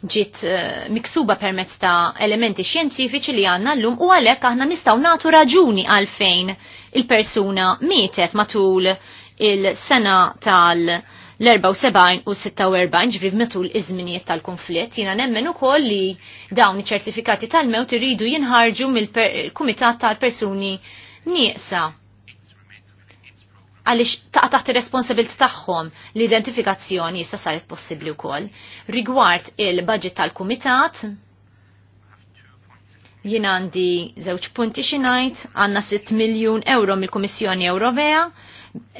ġiet eh, miksuba permezz ta' elementi xjentifiċi li għanna l-lum u għalhekk aħna nistgħu nagħtu raġuni għalfejn il-persuna mietet matul il-sena tal- l-74 u 46 ġvri metul iż-żminijiet tal-konflitt jiena nemmen ukoll li dawn iċ-ċertifikati tal-mewt iridu jinħarġu mill-Kumitat tal-Persuni nieqsa għalix taqa taħt ir-responsabilt tagħhom l-identifikazzjoni issa saret possibbli wkoll. Rigward il-budget tal-kumitat, jien għandi żewġ punti xinajt, għanna għandna 6 miljun euro mill-Kummissjoni Ewropea,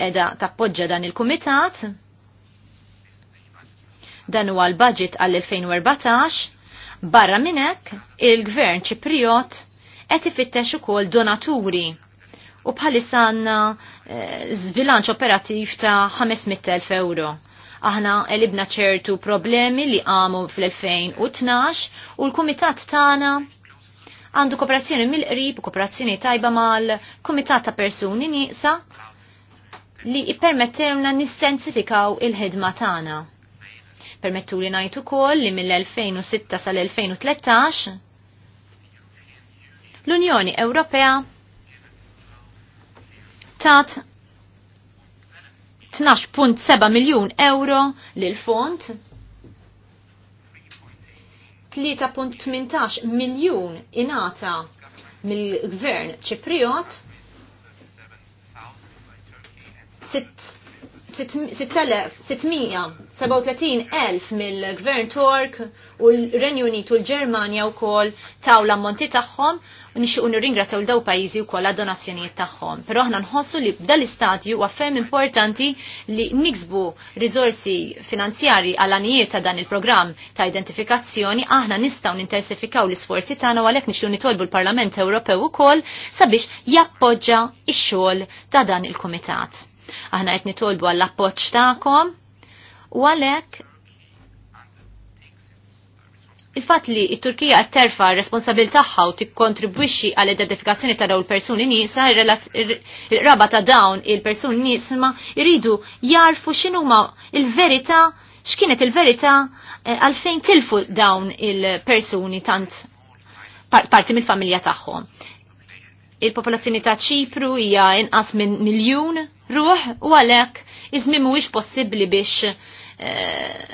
edha tappoġġa dan il-kumitat, dan huwa l-budget għall-2014 barra minnek il-gvern ċipriot qed ifittex ukoll donaturi u bħalissa għandna eh, zbilanċ operattiv ta' 500.000 euro aħna elibna ċertu problemi li għamu fl-2012 u l-Kumitat tagħna għandu kooperazzjoni mill-qrib u kooperazzjoni tajba mal-Kumitat ta' persuni nieqsa li ippermettewna nissensifikaw il-ħidma tagħna. Permettu li najtu kol li mill-2006 sal-2013 l-Unjoni Ewropea tat 12.7 miljon euro lil fond 3.18 miljon inata mill-gvern ċipriot 637.000 mill-Gvern Tork u l-Renju Unitu u l-Ġermanja u kol taw l-ammonti tagħhom u nixuqu nirringrazzjaw l-daw pajjiżi wkoll għad donazzjonijiet tagħhom. Però aħna nħossu li b'dal istadju huwa ferm importanti li niksbu rizorsi finanzjari għal anijiet ta' dan il-programm ta' identifikazzjoni aħna nistgħu nintensifikaw l-isforzi tagħna u għalek nixu nitolbu l-Parlament Ewropew ukoll sabiex jappoġġa ix-xogħol ta' dan il-Kumitat. Aħna qed nitolbu għall appoġġ tagħkom u għalhekk il-fatt li it-Turkija qed terfa' r-responsabil tagħha u tikkontribwixxi għall identifikazzjoni ta' dawn il-persuni nisa ir-raba ta' dawn il-persuni nisma jridu jarfu x'inhuma il-verità x'kienet il-verità eh, għalfejn tilfu dawn il-persuni tant parti mill-familja tagħhom il-popolazzjoni ta' ċipru hija inqas minn miljun ruħ u għalhekk iżmin mhuwiex possibbli biex eh,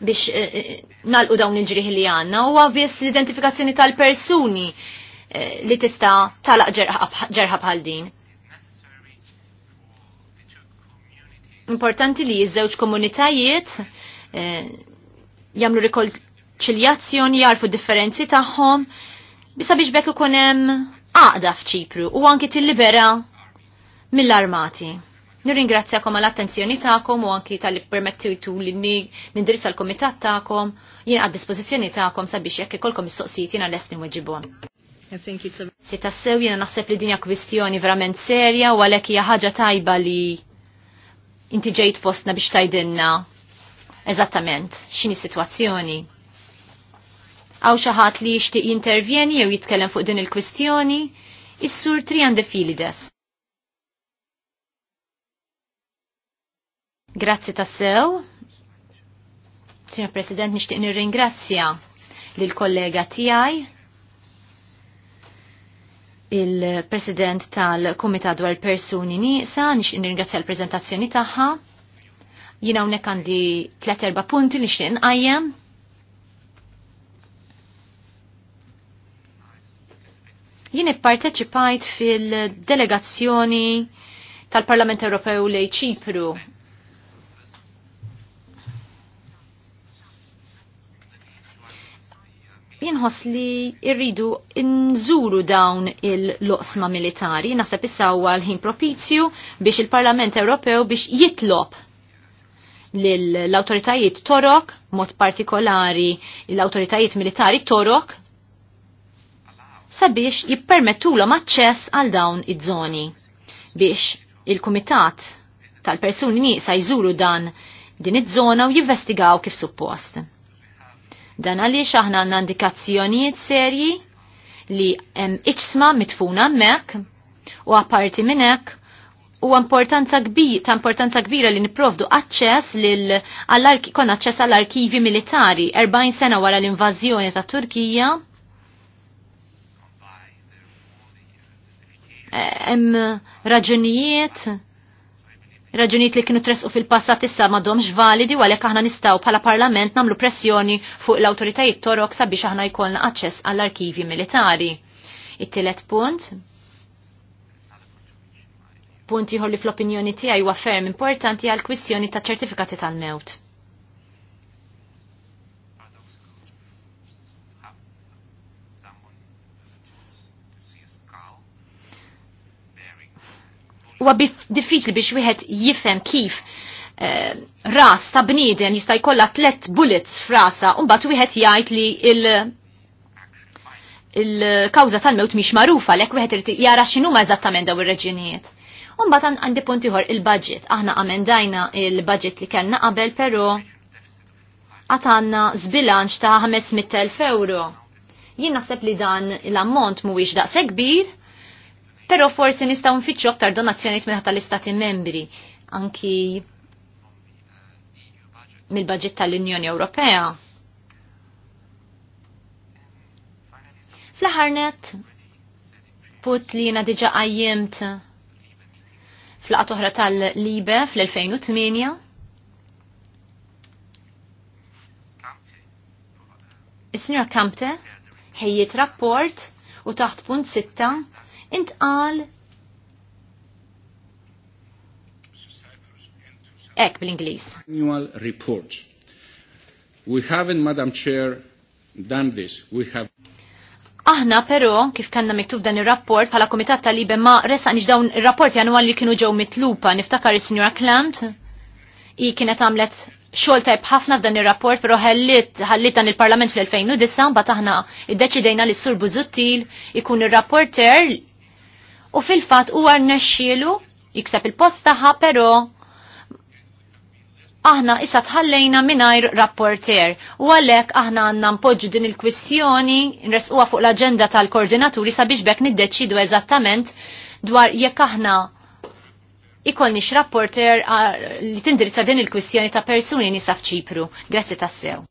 biex eh, nalqu dawn il-ġrieħ li għandna huwa biss l-identifikazzjoni tal-persuni eh, li tista' talaq ġerħa bħal din. Importanti li ż-żewġ komunitajiet jagħmlu rikolċiljazzjoni jarfu differenzi tagħhom bisa biex bekk ikun hemm għaqda f'ċipru u anki libera mill-armati. Nirringrazzjakom għall attenzjoni tagħkom u anki tal-li permettitu li nindirizza l-komitat tagħkom jien għad dispożizzjoni tagħkom sabiex jekk ikolkom mistoqsijiet jiena esni nweġibhom. Si tassew jiena naħseb li dinja kwistjoni verament serja u għalhekk hija ħaġa tajba li inti ġejt fostna biex tajdinna eżattament x'inhi sitwazzjoni. Għaw xaħat li jixtieq jintervjeni jew jitkellem fuq din il-kwistjoni, is-sur Trian Filides. Grazzi tassew. Signor President, nixtieq nirringrazzja lill kollega tiegħi il-President tal-Komitat dwar persuni nisa, nixtieq ringrazzja l-prezentazzjoni tagħha. Jina hawnhekk għandi tlet erba' punti li nqajjem. Jien ipparteċipajt fil-delegazzjoni tal-Parlament Ewropew lej Ċipru. Jinħoss li irridu nżuru dawn il-loqsma militari, naħseb issa l-ħin propizju biex il-Parlament Ewropew biex jitlob l-autoritajiet torok, mod partikolari l-autoritajiet militari torok, sabiex jippermettulhom aċċess għal dawn iż-żoni biex il-kumitat tal-persuni nieqsa jżuru dan din iż-żona u jivvestigaw kif suppost. Dan għaliex aħna għandna indikazzjonijiet serji li hemm iċsma mitfuna hemmhekk u apparti minn hekk u importanza kbira, ta' importanza kbira li niprovdu aċċess lil aċċess għall-arkivi militari 40 sena wara l-invażjoni ta' Turkija hemm raġunijiet raġunijiet li kienu tresqu fil-passat issa m'għadhomx validi u għalhekk aħna nistgħu bħala parlament nagħmlu pressjoni fuq l-awtoritajiet torok sabiex aħna jkollna aċċess għall-arkivi militari. It-tielet punt punt ieħor li fl-opinjoni tiegħi huwa ferm importanti għall kwistjoni ta' ċertifikati tal-mewt. huwa diffiċli biex wieħed jifhem kif uh, ras ta' bniedem jista' jkollha tlet bullets frasa u mbagħad wieħed jgħid li il- il-kawza tal-mewt mhix magħrufa għalhekk wieħed irid jara x'inhuma eżattament daw ir-reġinijiet. mbagħad għandi punt ieħor il-budget. Aħna amendajna il-budget li kellna qabel, però għatanna zbilanċ ta' 500.000 euro. Jien naħseb li dan l-ammont mhuwiex daqse kbir, pero forsi nistgħu nfittxu aktar donazzjonijiet minn tal-Istati membri anki mill-budget tal-Unjoni Ewropea. Fl-ħarnet, put li jena diġa għajjemt fl-qat oħra tal-Libe fl-2008. Is-Sinjor Kamte, ħejjiet rapport u taħt punt 6 intqal Ek bl-Inglis. Annual report. We haven't, Madam Chair, done this. We have Aħna però kif kanna miktub dan ir-rapport bħala komitat tal-libe ma resaqniex dawn ir-rapporti annwali li kienu ġew mitlupa niftakar is signora Klamt i kienet għamlet xogħol tajb ħafna f'dan ir-rapport però ħallit ħallit dan il-Parlament fl-2009 mbagħad aħna iddeċidejna li sur Buzuttil ikun ir-rapporter u fil-fat u nesċilu, jiksab il-post taħħa pero aħna issa tħallejna minajr rapporter u għalek aħna għanna npoġġu din il-kwistjoni nresquha fuq l-agenda tal-koordinaturi sabiex bekk niddeċidu eżattament dwar jekk aħna ikolnix rapporter li tindirizza din il-kwistjoni ta' persuni nisa f'Ċipru. Grazzi tassew.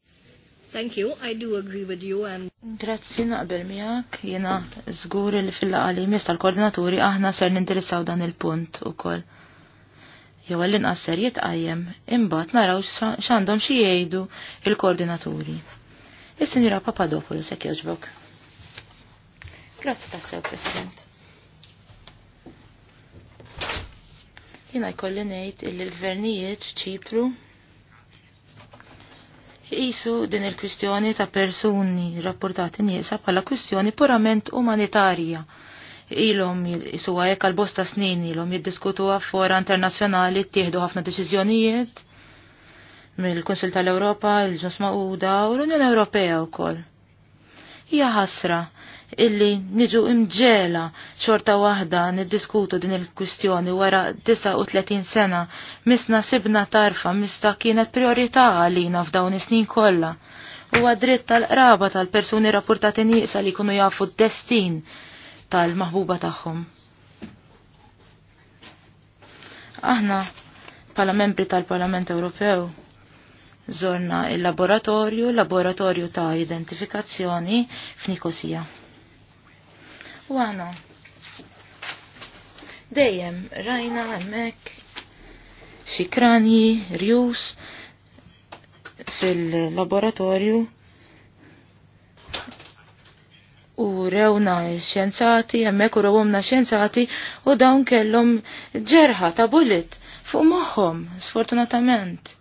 Thank you, I do agree with you and... Grazzi naqbel miak, jiena żgur li fil-laqali mis tal-koordinaturi aħna ser ninteressaw dan il-punt ukoll. Jew għall-inqas ser jitqajjem, imbagħad naraw x'għandhom xi jgħidu il-koordinaturi. Is-Sinjura Papadopoulos hekk jogħġbok. Grazzi tassew, President. Jiena jkolli ngħid lill gvernijiet ċipru jisu din il-kwistjoni ta' persuni rapportati njesa bħala kwistjoni purament umanitarja. Ilhom jisu hekk għal bosta snin ilhom jiddiskutuha fora internazzjonali ttieħdu ħafna deċiżjonijiet mill konsil tal-Ewropa, il-Ġus Mauda u l-Unjoni Ewropea wkoll. Hija ħasra illi niġu imġela xorta waħda niddiskutu din il-kwistjoni wara 39 sena misna sibna tarfa mista kienet priorità għalina f'dawn is-snin kollha. Huwa dritt tal-qraba tal-persuni rapportati nieqsa li jkunu jafu d-destin tal-maħbuba tagħhom. Aħna bħala membri tal-Parlament Ewropew Zorna il-laboratorju, laboratorju ta' identifikazzjoni f'Nikosija. U għana. Dejjem rajna hemmhekk xikrani rjus fil-laboratorju u rewna xjenzati, hemmhekk u rewumna xjenzati u dawn kellhom ġerħa ta' bullet fuq moħħom, sfortunatament.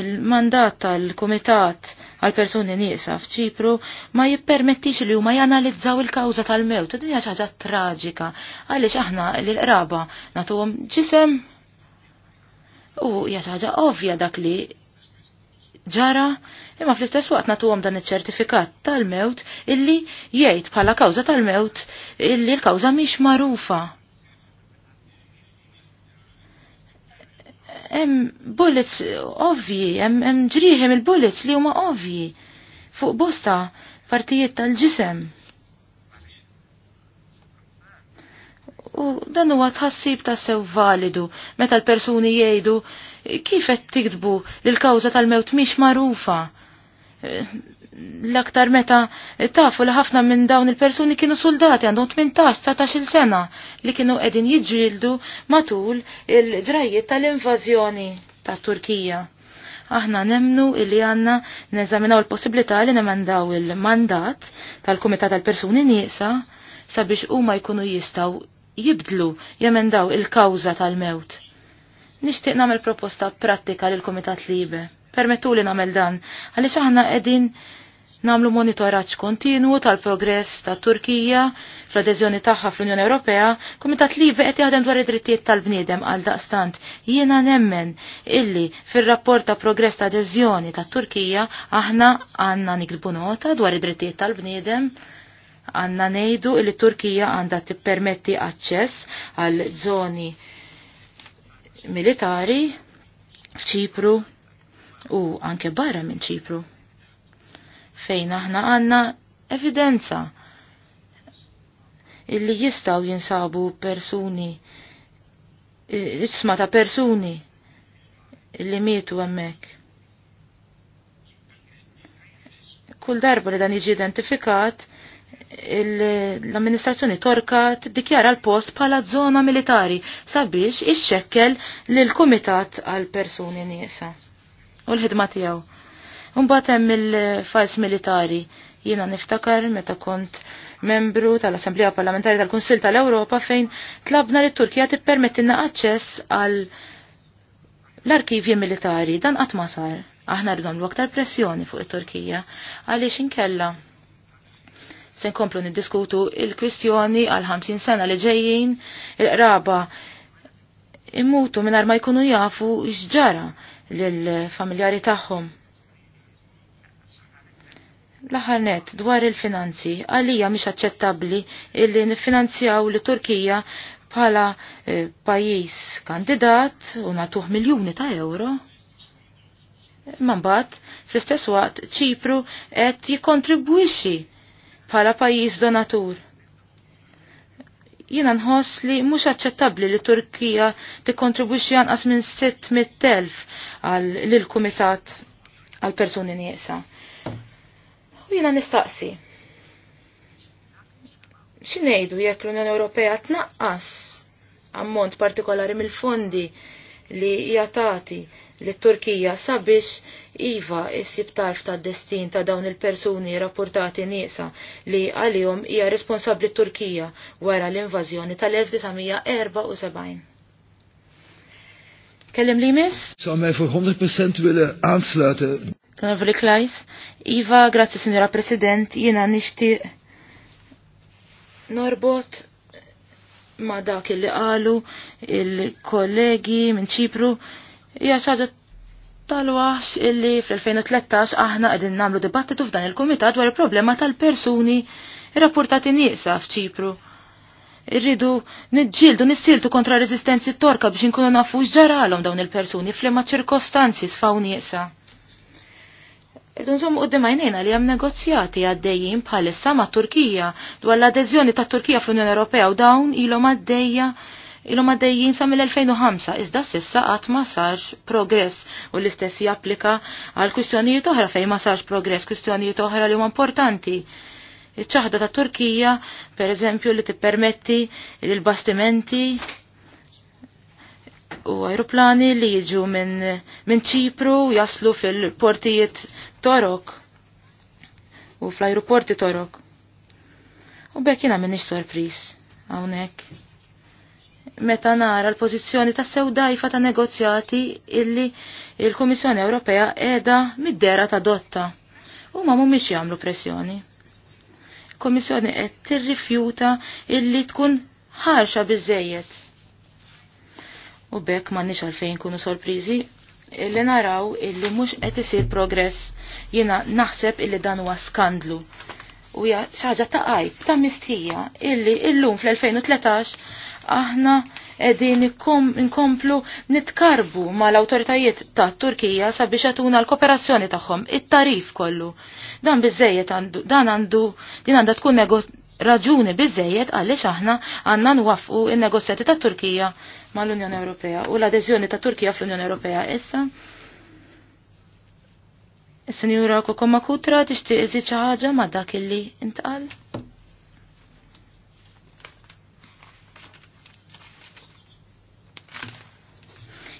Il-mandat tal-Kumitat għal persuni nieqsa f'Ċipru ma jippermettix li huma janalizzaw il-kawża tal-mewt. Din hija ħaġa traġika għaliex aħna l-qraba nagħtuhom ġisem u hija ħaġa ovvja dak li ġara imma fl-istess waqt nagħtuhom dan iċ-ċertifikat tal-mewt illi jgħid bħala kawża tal-mewt illi l-kawża mhix magħrufa hemm bullets ovvji, hemm ġrieħem il-bullets li huma ovvji fuq bosta partijiet tal-ġisem. U dan huwa tħassib ta' sew validu meta l-persuni jgħidu kif qed tiktbu lill kawża tal-mewt mhix magħrufa. Eh, l-aktar meta tafu li ħafna minn dawn il-persuni kienu soldati għandhom 18-19 sena li kienu qegħdin jiġġieldu matul il-ġrajiet tal-invażjoni ta' Turkija. Aħna nemnu illi għanna neżaminaw il-possibilità li nemandaw il-mandat tal-Kumitat tal-Persuni Nieqsa sabiex huma jkunu jistaw jibdlu jemendaw il-kawża tal-mewt. Nixtieq nagħmel proposta pratika l Kumitat Libe. Permettu li nagħmel dan għaliex aħna qegħdin namlu monitoraġġ kontinu tal-progress tal Turkija fl-adeżjoni tagħha fl-Unjoni Ewropea, Kumitat Libe qed jaħdem dwar id-drittijiet tal-bniedem għal daqstant jiena nemmen illi fir-rapport ta' progress ta' adeżjoni ta' Turkija aħna għandna nikdbu nota dwar id-drittijiet tal-bniedem għandna ngħidu illi Turkija għandha tippermetti aċċess għal żoni militari f'Ċipru u anke barra minn Ċipru fejn aħna għanna evidenza illi jistaw jinsabu persuni isma ta' persuni illi mietu hemmhekk. Kull darba li dan jiġi identifikat, l-amministrazzjoni torka tiddikjara l-post bħala zona militari sabiex ixxekkel l kumitat għal persuni nieqsa u l-ħidma tiegħu. Mbagħad hemm il-fajs militari. Jiena niftakar meta kont membru tal-Assemblea Parlamentari tal-Kunsil tal-Ewropa fejn tlabna li turkija tippermettilna aċċess għal l-arkivji militari dan qatt ma sar. Aħna rdomlu aktar pressjoni fuq it-Turkija għaliex inkella se nkomplu niddiskutu il-kwistjoni għal 50 sena li ġejjin il-qraba immutu minn ma jkunu jafu x'ġara lill-familjari tagħhom laħanet dwar il-finanzi, għalija mhix aċċettabbli illi niffinanzjaw li Turkija bħala eh, pajjiż kandidat u natuh miljuni ta' euro. Man fl-istess waqt, ċipru qed jikkontribwixxi bħala pajjiż donatur jina nħoss li mhux aċċettabbli li Turkija tikkontribwixxi anqas minn 600,000 għal lil kumitat għal persuni nieqsa. U jiena nistaqsi. Xinejdu jekk l-Unjoni Ewropea tnaqqas ammont partikolari mill-fondi li jatati li Turkija sabiex Iva issib tarf ta' destin ta' dawn il-persuni rapportati nieqsa li għalihom hija responsabbli Turkija wara l-invażjoni tal-1974. Kellem li miss? Zou mij 100% willen Vli Klajs. Iva, grazie signora President, jiena nixtieq norbot ma dak li qalu il-kollegi minn ċipru hija xaġa tal-wax illi fl-2013 aħna qegħdin nagħmlu dibattitu f'dan il-kumitat dwar il-problema tal-persuni rapportati nieqsa f'ċipru. Irridu niġġieldu nissiltu kontra rezistenzi torka biex inkunu nafu x'ġaralhom dawn il-persuni f'liema ċirkostanzi sfaw nieqsa. Irdu u d għajnejna li hemm negozjati għaddejjin bħalissa ma' Turkija dwar l-adeżjoni ta' Turkija fl-Unjoni Ewropea u dawn ilhom għaddejja ilhom għaddejjin sa mill-2005 iżda s'issa qatt ma sarx progress u l-istess japplika għal kwistjonijiet oħra fejn ma sarx progress, kwistjonijiet oħra li huma importanti. Iċ-ċaħda ta' Turkija, per eżempju, li tippermetti l-bastimenti u aeroplani li jiġu minn min ċipru jaslu fil-portijiet Torok u fl-aeroporti Torok. U bekk jina minnix sorpris hawnhekk. Meta nara l-pożizzjoni ta' sew dajfa ta' negozjati illi il-Kummissjoni Ewropea qiegħda mid ta' dotta u ma mhumiex jagħmlu pressjoni. Il-Kummissjoni qed tirrifjuta illi tkun ħarxa biżejjed U bekk ma nix għalfejn kunu sorprizi illi naraw illi mux qed isir progress jina naħseb illi dan huwa skandlu. U ja xaġa ta' qajb ta' mistħija illi illum fl-2013 aħna edin inkomplu nitkarbu ma l-autoritajiet ta' Turkija sabiex għatuna l-kooperazzjoni tagħhom, it-tarif kollu. Dan bizzejiet għandu, dan għandu, din għandha tkun raġuni biżejjed għaliex aħna għandna nwaffqu in-negozjati ta' Turkija mal-Unjoni Ewropea u l-adeżjoni ta' Turkija fl-Unjoni Ewropea issa. Is-Sinjura Kokoma Kutra tixtieq iżid xi ħaġa ma' dak illi intqal.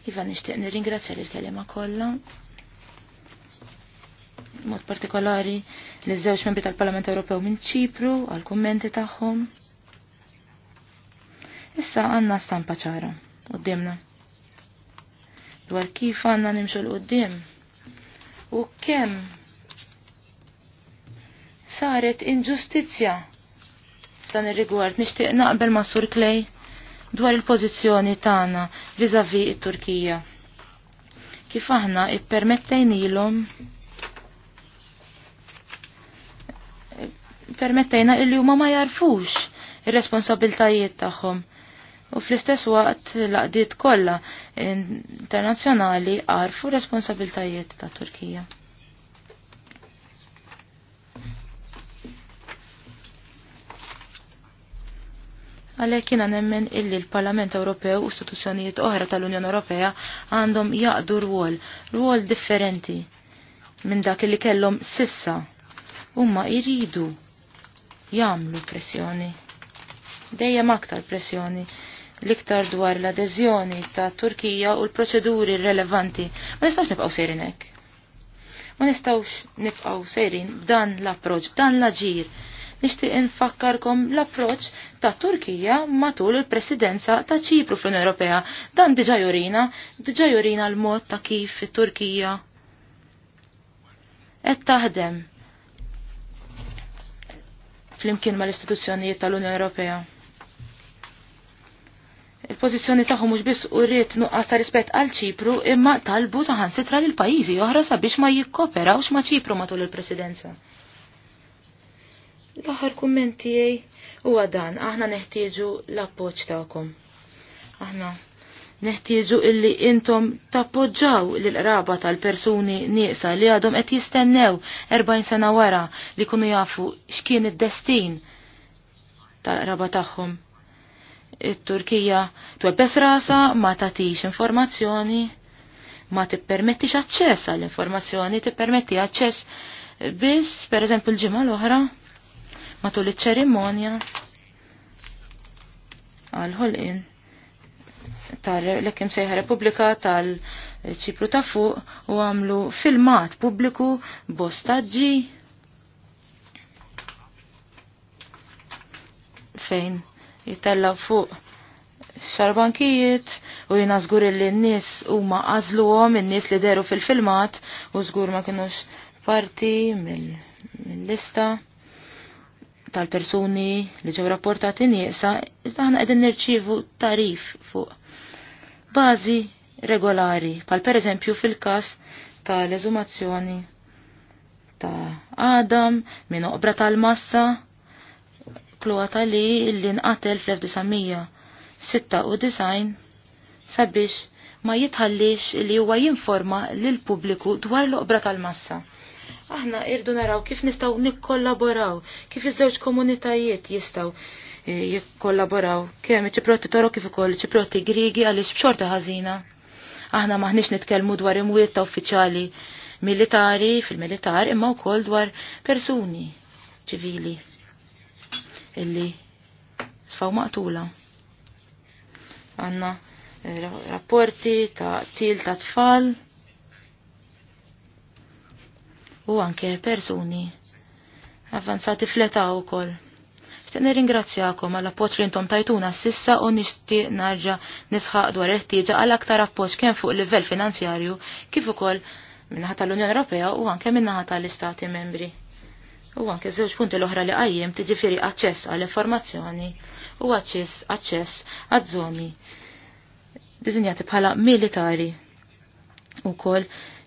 Iva nixtieq nirringrazzja lill-kelima kollha mod partikolari li żewġ membri tal-Parlament Ewropew minn Ċipru għal kummenti tagħhom. Issa għandna stampa ċara qudiemna dwar kif għandna nimxu l-qudiem u kemm saret inġustizzja f'dan ir-rigward nixtieq naqbel ma' Sur Clay dwar il-pożizzjoni tagħna vis-à-vis t-Turkija. Kif aħna ippermettejnilhom permettajna illi huma ma jarfux ir-responsabiltajiet tagħhom. U fl-istess waqt l-qdiet kollha internazzjonali għarfu responsabiltajiet ta' Turkija. Għalhekk jiena nemmen illi l-Parlament Ewropew u istituzzjonijiet oħra tal-Unjoni Ewropea għandhom jaqdu rwol, rwol differenti minn dak li kellhom sissa. Huma jridu jamlu pressjoni. Dejjem aktar pressjoni l-iktar dwar l-adeżjoni ta' Turkija u l-proċeduri relevanti. Ma nistgħux nibqgħu sejrin ek. Ma nistgħux nibqgħu sejrin b'dan l-approċċ, b'dan l-aġir. Nixtieq infakkarkom l-approċċ ta' Turkija matul il-presidenza ta' Ċipru fl Ewropea. Dan diġà jorina, l-mod ta' kif turkija Et taħdem flimkien mal-istituzzjonijiet tal-Unjoni Ewropea. Il-pożizzjoni tagħhom mhux biss rrit nuqqas ta' rispett għal Ċipru imma talbu saħansitra lil pajjiżi oħra sabiex ma jikkoperawx ma' Ċipru matul il-Presidenza l-aħħar kumment tiegħi huwa dan aħna neħtieġu l-appoġġ tagħkom. Aħna Neħtieġu illi intom tappoġġaw l-qraba tal-persuni nieqsa li għadhom qed jistennew 40 sena wara li kunu jafu x'kien id-destin tal-qraba tagħhom. It-Turkija twebbes rasa ma tagħtix informazzjoni, ma tippermettix aċċess għall-informazzjoni, tippermetti aċċess biss, pereżempju l-ġimgħa l-oħra matul iċ-ċerimonja għal-ħolqien tal-lekkim sejħa Republika tal-ċipru ta' fuq u għamlu filmat pubbliku bostaġġi fejn jitella fuq xarbankijiet u jina zgur li n-nis u ma għom n-nis li deru fil-filmat u zgur ma kienux parti mill-lista tal-persuni li ġew rapportati nieqsa, iżda ħana qegħdin nirċievu tarif fuq bażi regolari, pal per eżempju fil-kas tal-eżumazzjoni ta' Adam minn oqbra tal-massa kloata li l-inqatel fl-1996 sabiex ma jitħallix li huwa jinforma lil pubbliku dwar l-oqbra tal-massa. Aħna irdu naraw kif nistaw nikkollaboraw, kif iż-żewġ komunitajiet jistaw jikkollaboraw kemm iċ-ċiproti torok kif ukoll ċiproti Grigi għaliex b'xorta ħażina. Aħna maħniex nitkellmu dwar imwiet ta' uffiċjali militari fil-militar imma wkoll dwar persuni ċivili illi sfaw maqtula. Għanna eh, rapporti ta' til ta' tfal u anke persuni avanzati fletaw u koll. Xtaq nirringrazzjakom għal appoġġ li intom tajtuna sissa u nixtieq narġa' nisħaq dwar il-ħtieġa għal aktar appoġġ kemm fuq livell finanzjarju kif ukoll min-naħa tal-Unjoni Ewropea u anke min-naħa tal-Istati Membri. U anke żewġ punti l-oħra li qajjem tiġifieri aċċess għall informazzjoni u aċċess aċċess għaż-żoni dizinjati bħala militari. U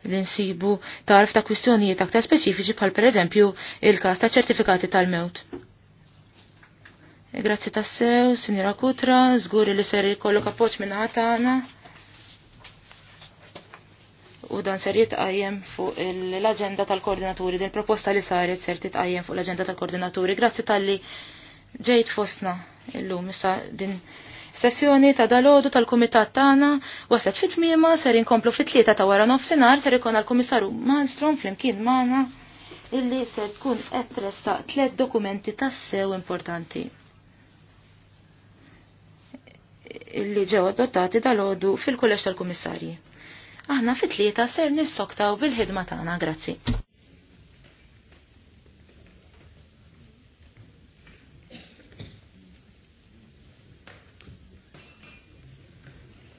li nsibu tarf ta' kwistjonijiet aktar speċifiċi bħal per eżempju il-kas ta' ċertifikati tal-mewt. Grazzi tassew, Sinjora Kutra, zguri li ser jkollok kapoċ minna għatana. U dan ser jitqajjem fuq l agenda tal-koordinaturi, din proposta li saret ser titqajjem fuq l-aġenda tal-koordinaturi. Grazzi tal-li ġejt fostna illum issa din sessjoni ta' dalodu tal-kumitat tagħna waslet fit mima ser inkomplu fit-tlieta ta' wara nofsinhar ser ikun għal-komissaru Malmstrom flimkien magħna illi se tkun qed tlet tliet dokumenti tassew importanti li ġew adottati dal-ħodu fil-kulleġġ tal-kummissarji. Aħna fit-tlieta ser nissoktaw bil-ħidma tagħna, grazzi.